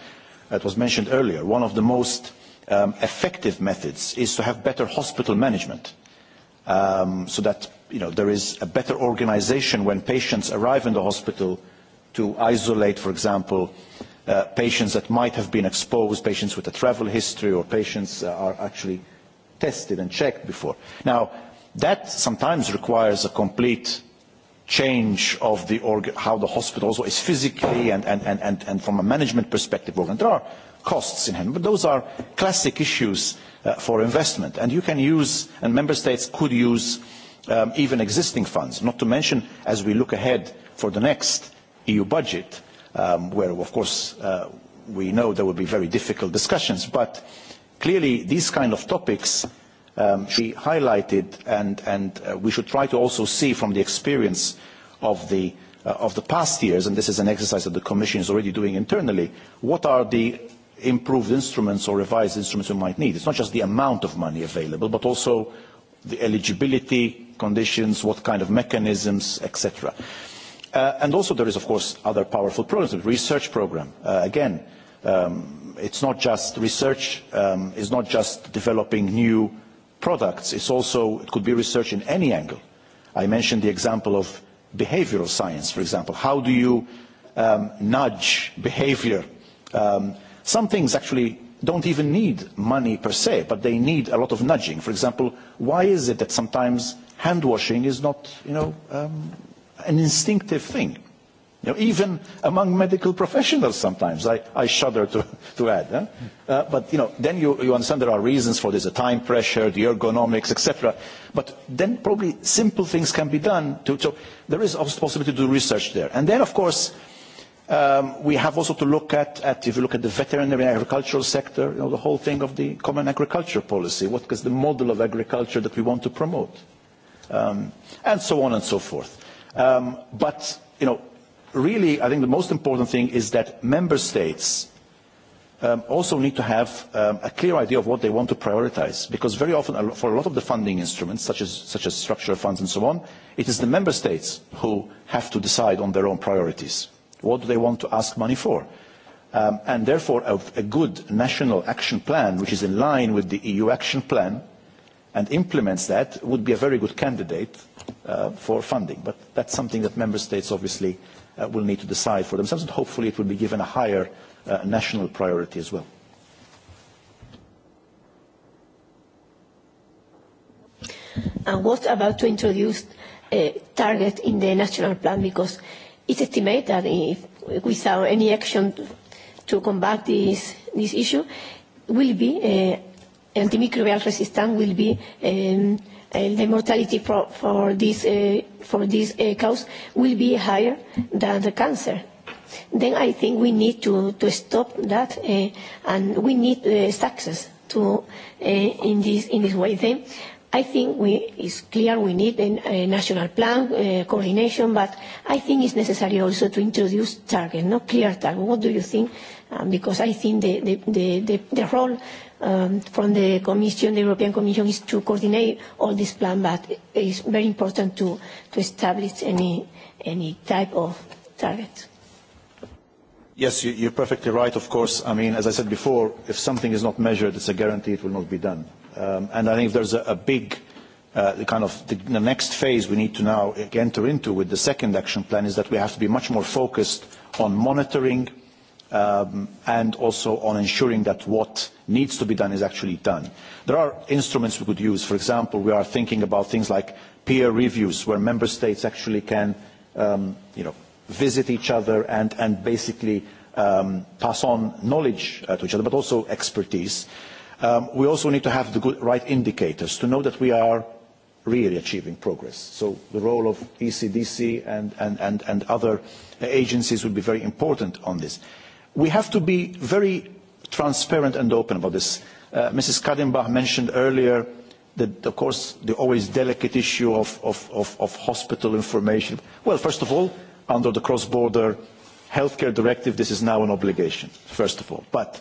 that was mentioned earlier, one of the most effective methods is to have better hospital management so that there is a better organisation when patients arrive in the hospital to isolate, for example, patients that might have been exposed, patients with a travel history, or patients are actually tested and checked before. Now, That sometimes requires a complete change of the org- how the hospital also is physically and, and, and, and, and from a management perspective. there are costs in hand, but those are classic issues uh, for investment. And you can use, and member states could use um, even existing funds, not to mention as we look ahead for the next EU budget, um, where of course uh, we know there will be very difficult discussions, but clearly these kind of topics she highlighted, and we should try to also see from the experience of the past years, and this is an exercise that the Commission is already doing internally, what are the improved instruments or revised instruments we might need? It's not just the amount of money available, but also the eligibility conditions, what kind of mechanisms, etc. And also there is, of course, other powerful programs, the research program. Again, it's not just research, it's not just developing new products. It's also, it could be research in any angle. I mentioned the example of behavioral science, for example. How do you um, nudge behavior? Um, some things actually don't even need money per se, but they need a lot of nudging. For example, why is it that sometimes hand washing is not, you know, um, an instinctive thing? You know, even among medical professionals sometimes, I, I shudder to, to add. Huh? Uh, but you know, then you, you understand there are reasons for this, the time pressure, the ergonomics, etc. But then probably simple things can be done. To, so there is also possibility to do research there. And then, of course, um, we have also to look at, at, if you look at the veterinary agricultural sector, you know, the whole thing of the common agriculture policy, what is the model of agriculture that we want to promote, um, and so on and so forth. Um, but, you know, really, I think the most important thing is that member states um, also need to have um, a clear idea of what they want to prioritize, because very often for a lot of the funding instruments, such as, such as structural funds and so on, it is the member states who have to decide on their own priorities. What do they want to ask money for? Um, and therefore, a, a good national action plan, which is in line with the EU action plan, and implements that, would be a very good candidate uh, for funding. But that's something that member states obviously uh, will need to decide for themselves, and hopefully it will be given a higher uh, national priority as well. And what about to introduce a target in the national plan? Because it's estimated that if, without any action to combat this, this issue, will be uh, antimicrobial resistance will be um, the mortality pro for this, uh, for this uh, cause will be higher than the cancer. Then I think we need to, to stop that uh, and we need uh, success to, uh, in, this, in this way. Then I think we, it's clear we need a, a national plan, uh, coordination, but I think it's necessary also to introduce targets, not clear targets. What do you think? Um, because I think the, the, the, the, the role um, from the Commission, the European Commission, is to coordinate all this plan, but it's very important to, to establish any, any type of target. Yes, you, you're perfectly right, of course. I mean, as I said before, if something is not measured, it's a guarantee it will not be done. Um, and I think if there's a, a big uh, the kind of the, the next phase we need to now enter into with the second action plan is that we have to be much more focused on monitoring and also on ensuring that what needs to be done is actually done. There are instruments we could use. For example, we are thinking about things like peer reviews, where member states actually can visit each other and, basically pass on knowledge to each other, but also expertise. we also need to have the good, right indicators to know that we are really achieving progress. So the role of ECDC and, and, and, and other agencies would be very important on this. We have to be very transparent and open about this. Uh, Mrs. Kadenbach mentioned earlier that, of course, the always delicate issue of, of, of, of hospital information. Well, first of all, under the cross-border healthcare directive, this is now an obligation, first of all. But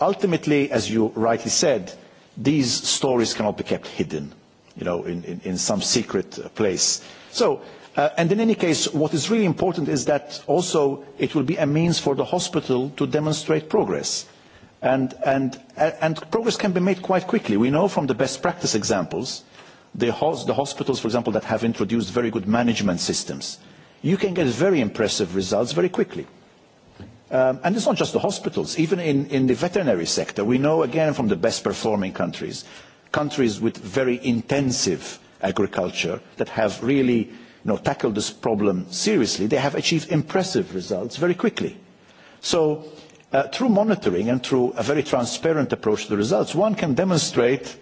ultimately, as you rightly said, these stories cannot be kept hidden, you know, in, in, in some secret place. So and in any case, what is really important is that also it will be a means for the hospital to demonstrate progress. And, and, and progress can be made quite quickly. We know from the best practice examples, the, hos the hospitals, for example, that have introduced very good management systems, you can get very impressive results very quickly. Um, and it's not just the hospitals, even in, in the veterinary sector, we know again from the best performing countries, countries with very intensive agriculture that have really tackle this problem seriously, they have achieved impressive results very quickly. So through monitoring and through a very transparent approach to the results, one can demonstrate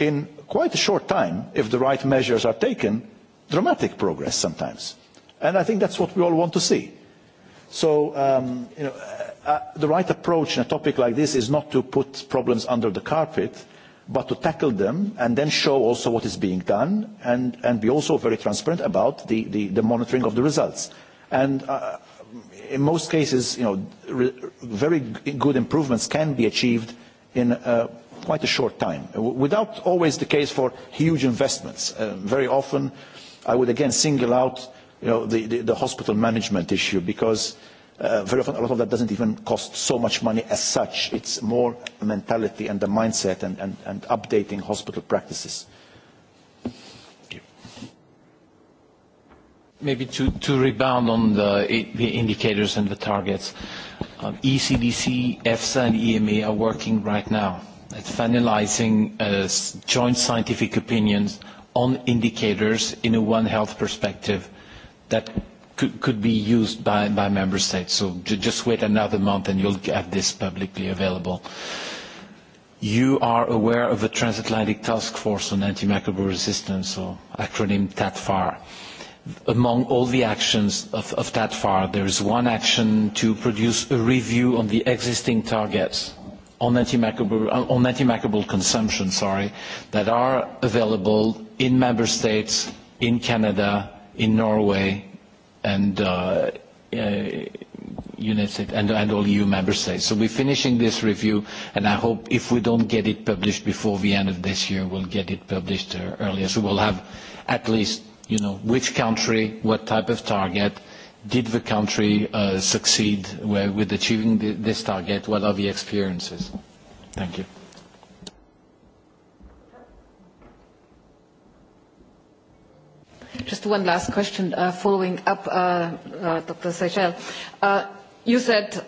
in quite a short time, if the right measures are taken, dramatic progress sometimes. And I think that's what we all want to see. So um, you know, uh, the right approach in a topic like this is not to put problems under the carpet, but to tackle them and then show also what is being done and, and be also very transparent about the, the, the monitoring of the results. And uh, in most cases, you know, re- very good improvements can be achieved in uh, quite a short time, without always the case for huge investments. Uh, very often, I would again single out you know, the, the, the hospital management issue because – very often a lot of that doesn't even cost so much money as such. It's more a mentality and a mindset and, and, and updating hospital practices. Maybe to, to rebound on the, the indicators and the targets, um, ECDC, EFSA and EMA are working right now at finalizing uh, joint scientific opinions on indicators in a One Health perspective that could, could be used by, by member states. So j just wait another month and you'll have this publicly available. You are aware of the Transatlantic Task Force on Antimicrobial Resistance, or acronym TATFAR. Among all the actions of, of TATFAR, there is one action to produce a review on the existing targets on antimicrobial, on antimicrobial consumption sorry, that are available in member states, in Canada, in Norway, and uh, UNICEF and, and all EU member states. So we're finishing this review, and I hope if we don't get it published before the end of this year, we'll get it published uh, earlier. So we'll have at least, you know, which country, what type of target, did the country uh, succeed with achieving the, this target, what are the experiences. Thank you. Just one last question following up, Dr. Seychelles. You said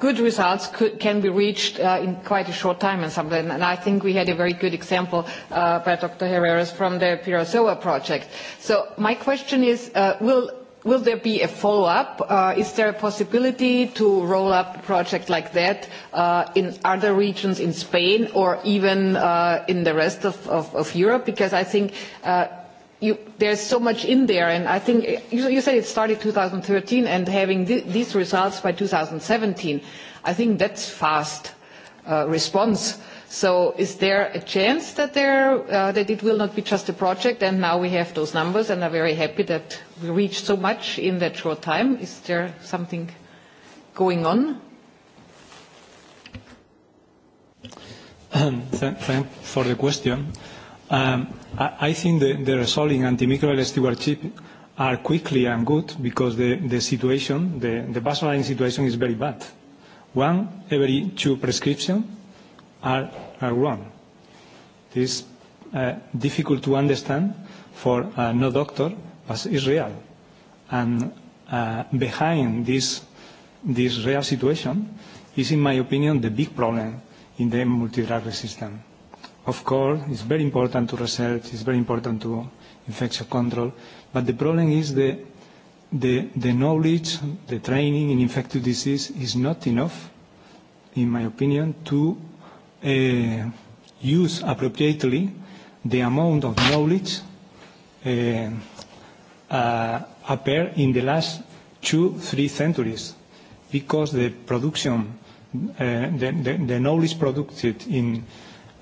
good results can be reached in quite a short time and something and I think we had a very good example by Dr. Herreras from the Pirasoa project. So my question is, will Will there be a follow-up? Is there a possibility to roll up a project like that in other regions in Spain or even in the rest of Europe? Because I think you, there's so much in there, and I think you, you said it started 2013 and having th- these results by 2017. I think that's fast uh, response. So is there a chance that, there, uh, that it will not be just a project and now we have those numbers and are very happy that we reached so much in that short time? Is there something going on? for the question. Um, I, I think the, the results in antimicrobial stewardship are quickly and good because the, the situation, the, the baseline situation is very bad. One every two prescriptions are, are wrong. is uh, difficult to understand for uh, no doctor, but it's real. And uh, behind this, this real situation is, in my opinion, the big problem in the multidrug resistance Of course, it's very important to research, it's very important to infection control, but the problem is the, the, the knowledge, the training in infectious disease is not enough, in my opinion, to uh, use appropriately the amount of knowledge uh, uh, appeared in the last two, three centuries, because the production, uh, the, the, the knowledge produced in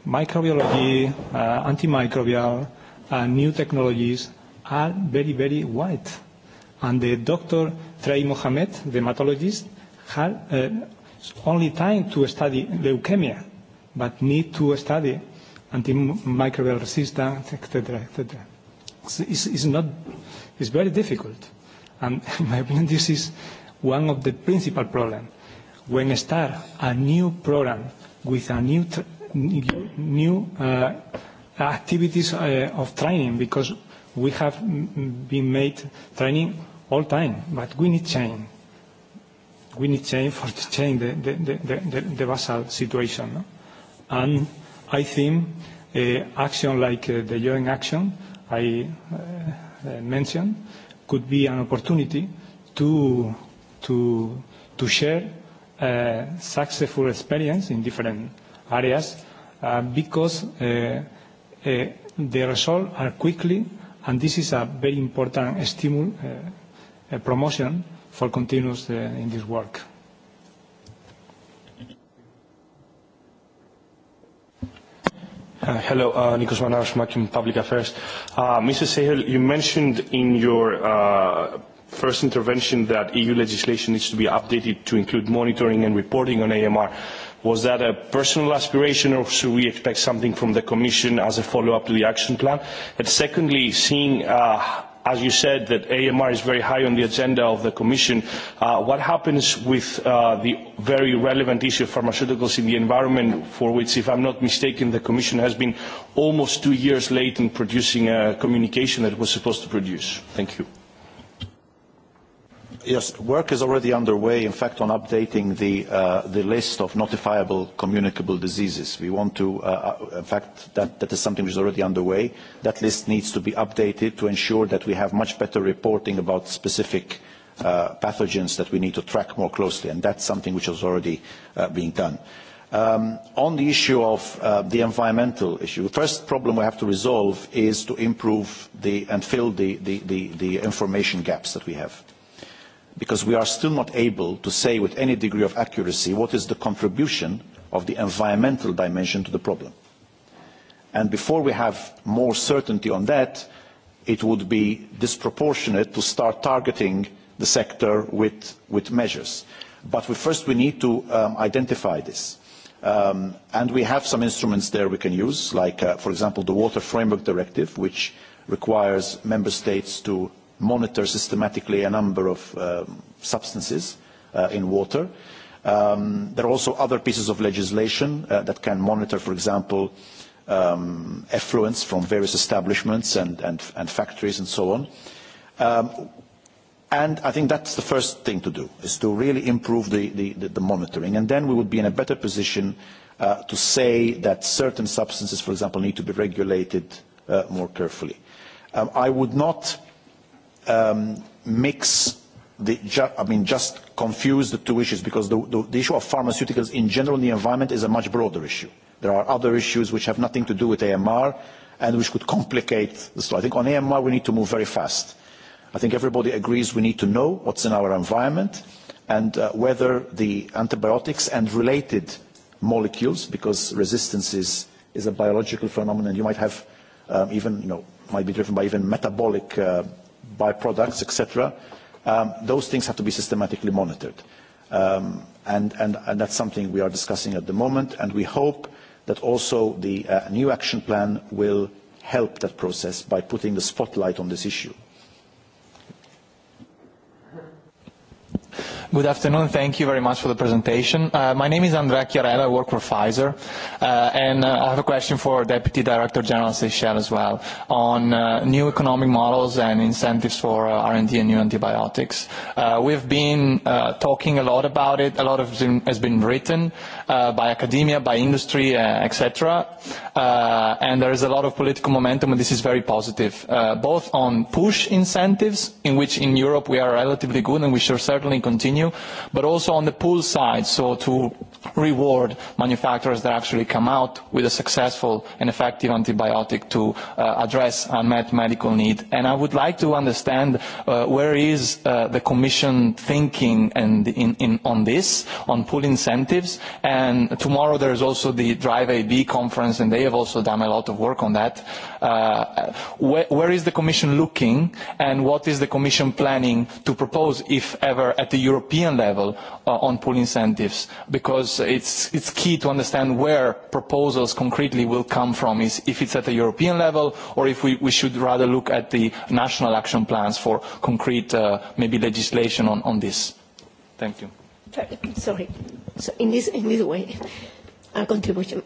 microbiology, uh, antimicrobial, and new technologies are very, very wide. And the Dr. Trey Mohamed, the hematologist, had uh, only time to study leukemia, but need to study antimicrobial resistance, etc., etc. It's, it's not, it's very difficult. And in my opinion, this is one of the principal problems. When start a new program with a new new uh, activities uh, of training because we have been made training all time, but we need change. We need change for to change the, the, the, the, the basal situation. No? And I think uh, action like uh, the joint action I uh, mentioned could be an opportunity to, to, to share uh, successful experience in different areas because uh, uh, the results are quickly, and this is a very important stimulus, uh, promotion for continuous uh, in this work. Hello, uh, Nikos Manaros, Makim Public Affairs. Uh, Mr. Sehel, you mentioned in your uh, first intervention that EU legislation needs to be updated to include monitoring and reporting on AMR. Was that a personal aspiration or should we expect something from the Commission as a follow-up to the action plan? And secondly, seeing uh, as you said, that AMR is very high on the agenda of the Commission. Uh, what happens with uh, the very relevant issue of pharmaceuticals in the environment, for which, if I'm not mistaken, the Commission has been almost two years late in producing a communication that it was supposed to produce? Thank you. Yes, work is already underway, in fact, on updating the, uh, the list of notifiable communicable diseases. We want to, uh, in fact, that, that is something which is already underway. That list needs to be updated to ensure that we have much better reporting about specific uh, pathogens that we need to track more closely, and that's something which is already uh, being done. Um, on the issue of uh, the environmental issue, the first problem we have to resolve is to improve the, and fill the, the, the, the information gaps that we have because we are still not able to say with any degree of accuracy what is the contribution of the environmental dimension to the problem. And before we have more certainty on that, it would be disproportionate to start targeting the sector with, with measures. But we, first we need to um, identify this. Um, and we have some instruments there we can use, like, uh, for example, the Water Framework Directive, which requires member states to monitor systematically a number of substances in water. there are also other pieces of legislation that can monitor, for example, effluents from various establishments and, and, and factories and so on. and I think that's the first thing to do, is to really improve the, the, the monitoring. And then we would be in a better position to say that certain substances, for example, need to be regulated more carefully. I would not mix the ju- I mean just confuse the two issues because the, the, the issue of pharmaceuticals in general in the environment is a much broader issue. There are other issues which have nothing to do with AMR and which could complicate the story. I think on AMR we need to move very fast. I think everybody agrees we need to know what's in our environment and uh, whether the antibiotics and related molecules, because resistance is, is a biological phenomenon, you might have um, even, you know, might be driven by even metabolic uh, byproducts, etc. Um, those things have to be systematically monitored. Um, and, and, and that's something we are discussing at the moment, and we hope that also the uh, new action plan will help that process by putting the spotlight on this issue Good afternoon. Thank you very much for the presentation. Uh, my name is Andrea Chiarella. I work for Pfizer. Uh, and uh, I have a question for Deputy Director General Seychelles as well on uh, new economic models and incentives for uh, R&D and new antibiotics. Uh, we've been uh, talking a lot about it. A lot of has been written uh, by academia, by industry, uh, etc. Uh, and there is a lot of political momentum, and this is very positive, uh, both on push incentives, in which in Europe we are relatively good and we should certainly continue continue, but also on the pull side, so to reward manufacturers that actually come out with a successful and effective antibiotic to uh, address unmet medical need. And I would like to understand uh, where is uh, the Commission thinking and in, in, on this, on pull incentives. And tomorrow is also the Drive AB conference, and they have also done a lot of work on that. Uh, where, where is the Commission looking, and what is the Commission planning to propose, if ever, at the European European level on pool incentives because it's, it's key to understand where proposals concretely will come from, is if it's at the European level or if we, we should rather look at the national action plans for concrete uh, maybe legislation on, on this. Thank you. Sorry. So in this, in this way, our contribution.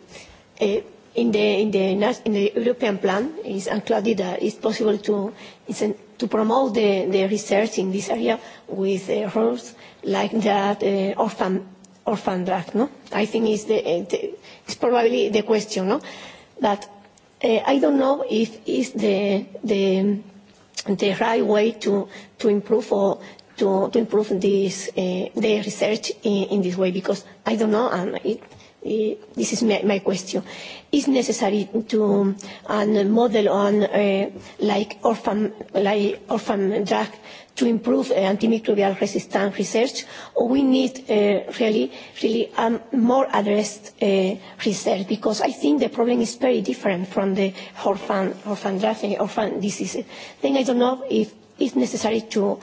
Uh, in the in the in the European plan is included that it's possible to it's an, to promote the, the research in this area with uh, rules like that uh, orphan orphan drug. No, I think it's the, the it's probably the question. No, but uh, I don't know if it's the the the right way to to improve or to, to improve this uh, the research in, in this way because I don't know and it this is my, my question. Is necessary to a model on uh, like orphan like orphan drug to improve uh, antimicrobial resistance research, or we need uh, really really um, more addressed uh, research because I think the problem is very different from the orphan orphan drug and orphan disease. Then I don't know if it's necessary to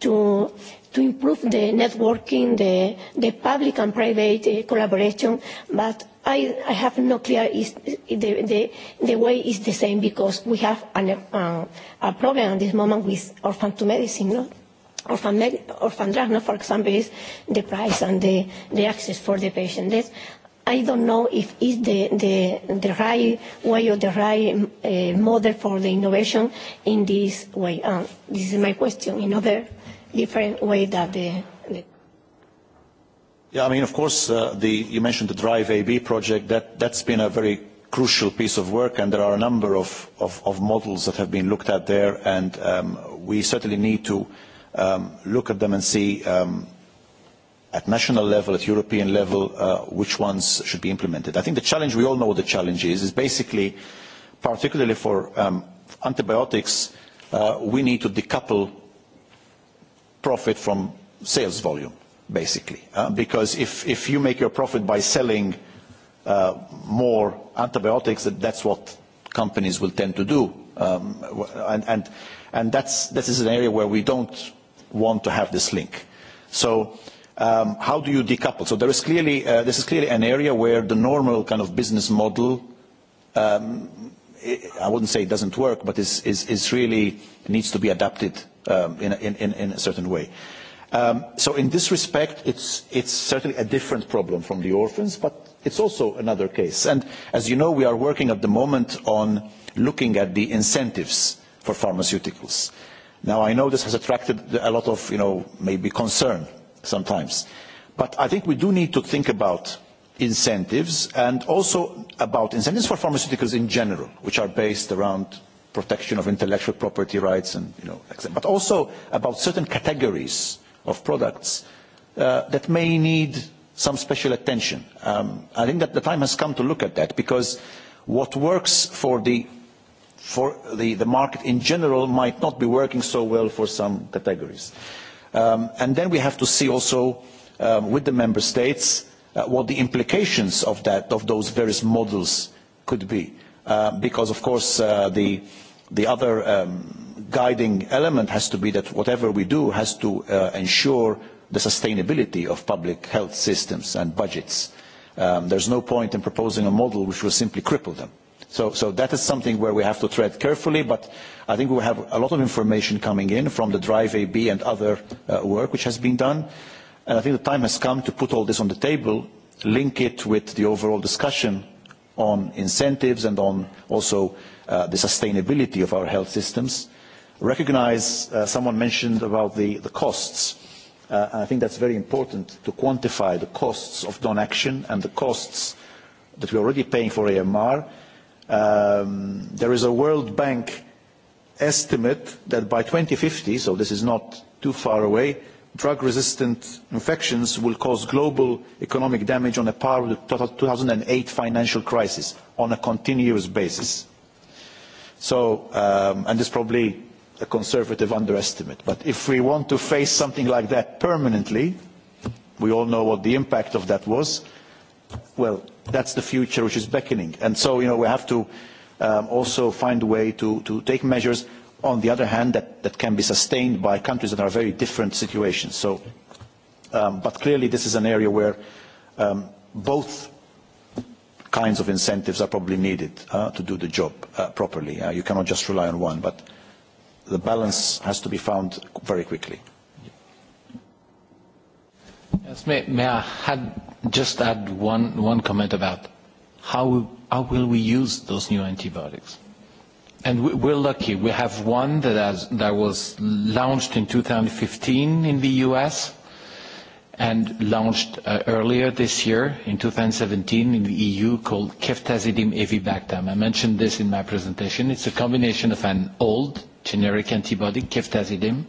to to improve the networking, the, the public and private uh, collaboration, but I, I have no clear is the, the, the way is the same because we have an, uh, a problem at this moment with orphan to medicine, no? Orphan, med- orphan drug, no? for example, is the price and the, the access for the patient. That's, I don't know if it's the, the, the right way or the right uh, model for the innovation in this way. Uh, this is my question. In other different way that the, the yeah, I mean, of course, uh, the, you mentioned the Drive AB project. That, that's been a very crucial piece of work, and there are a number of, of, of models that have been looked at there, and um, we certainly need to um, look at them and see um, at national level, at European level, uh, which ones should be implemented. I think the challenge, we all know what the challenge is, is basically, particularly for um, antibiotics, uh, we need to decouple profit from sales volume, basically. Because if you make your profit by selling more antibiotics, that's what companies will tend to do. And that is an area where we don't want to have this link. So how do you decouple? So there is clearly this is clearly an area where the normal kind of business model I wouldn't say it doesn't work, but is really needs to be adapted um, in, in, in, in a certain way. Um, so in this respect, it's, it's certainly a different problem from the orphans, but it's also another case. And as you know, we are working at the moment on looking at the incentives for pharmaceuticals. Now, I know this has attracted a lot of, you know, maybe concern sometimes. But I think we do need to think about incentives and also about incentives for pharmaceuticals in general, which are based around protection of intellectual property rights, and, you know, but also about certain categories of products uh, that may need some special attention. Um, I think that the time has come to look at that because what works for the for the, the market in general might not be working so well for some categories. Um, and then we have to see also um, with the member states uh, what the implications of that of those various models could be, uh, because of course uh, the the other um, guiding element has to be that whatever we do has to uh, ensure the sustainability of public health systems and budgets. Um, there's no point in proposing a model which will simply cripple them. So, so that is something where we have to tread carefully, but I think we have a lot of information coming in from the Drive AB and other uh, work which has been done. And I think the time has come to put all this on the table, link it with the overall discussion on incentives and on also the sustainability of our health systems. Recognise someone mentioned about the, the costs. I think that's very important to quantify the costs of non-action and the costs that we're already paying for AMR. there is a World Bank estimate that by fifty, so this is not too far away, drug-resistant infections will cause global economic damage on a par with the two thousand eight financial crisis on a continuous basis. So, and this is probably a conservative underestimate, but if we want to face something like that permanently, we all know what the impact of that was, well, that's the future which is beckoning. And so, you know, we have to um, also find a way to, to take measures on the other hand, that, that can be sustained by countries that are very different situations. So, um, but clearly this is an area where um, both kinds of incentives are probably needed uh, to do the job uh, properly. Uh, you cannot just rely on one, but the balance has to be found very quickly. Yes, may, may I had just add one, one comment about how, how will we use those new antibiotics? And we're lucky. We have one that has that was launched in 2015 in the U.S. and launched uh earlier this year in 2017 in the EU called ceftazidime avibactam. I mentioned this in my presentation. It's a combination of an old generic antibody, ceftazidime,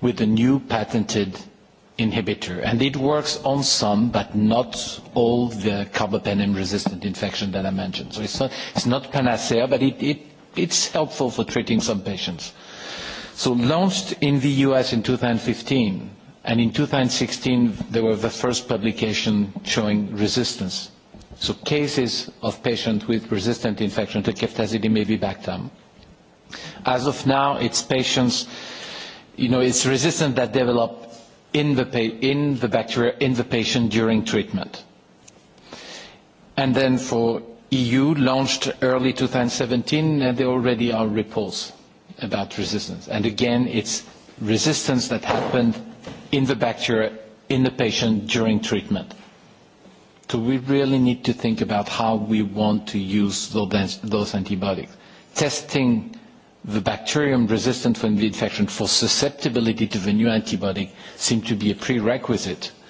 with a new patented inhibitor, and it works on some, but not all the carbapenem-resistant infection that I mentioned. So it's not, it's not panacea, but it, it it's helpful for treating some patients. So launched in the US in 2015, and in 2016 there were the first publication showing resistance. So cases of patients with resistant infection to ceftazidime-avibactam. As of now, it's patients, you know, it's resistant that develop in the, pa- in the bacteria, in the patient during treatment. And then for EU launched early 2017, and there already are reports about resistance. And again, it's resistance that happened in the bacteria, in the patient during treatment. So we really need to think about how we want to use those antibiotics. Testing the bacterium resistant for the infection for susceptibility to the new antibiotic seemed to be a prerequisite –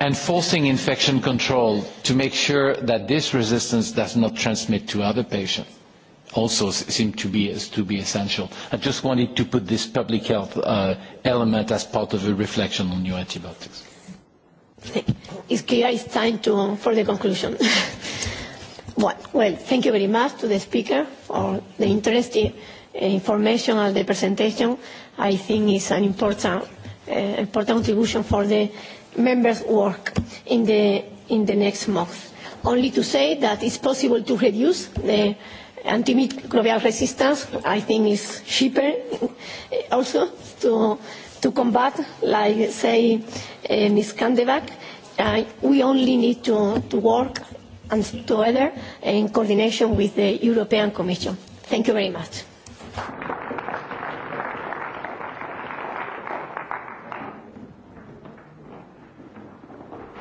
enforcing infection control to make sure that this resistance does not transmit to other patients also seem to be to be essential. I just wanted to put this public health uh, element as part of a reflection on new antibiotics. It's clear it's time to, for the conclusion. well, well, thank you very much to the speaker for the interesting information and the presentation. I think it's an important, uh, important contribution for the members work in the, in the next month. Only to say that it's possible to reduce the antimicrobial resistance. I think it's cheaper also to, to combat, like say uh, Ms. Kandevac. Uh, we only need to, to work and together in coordination with the European Commission. Thank you very much.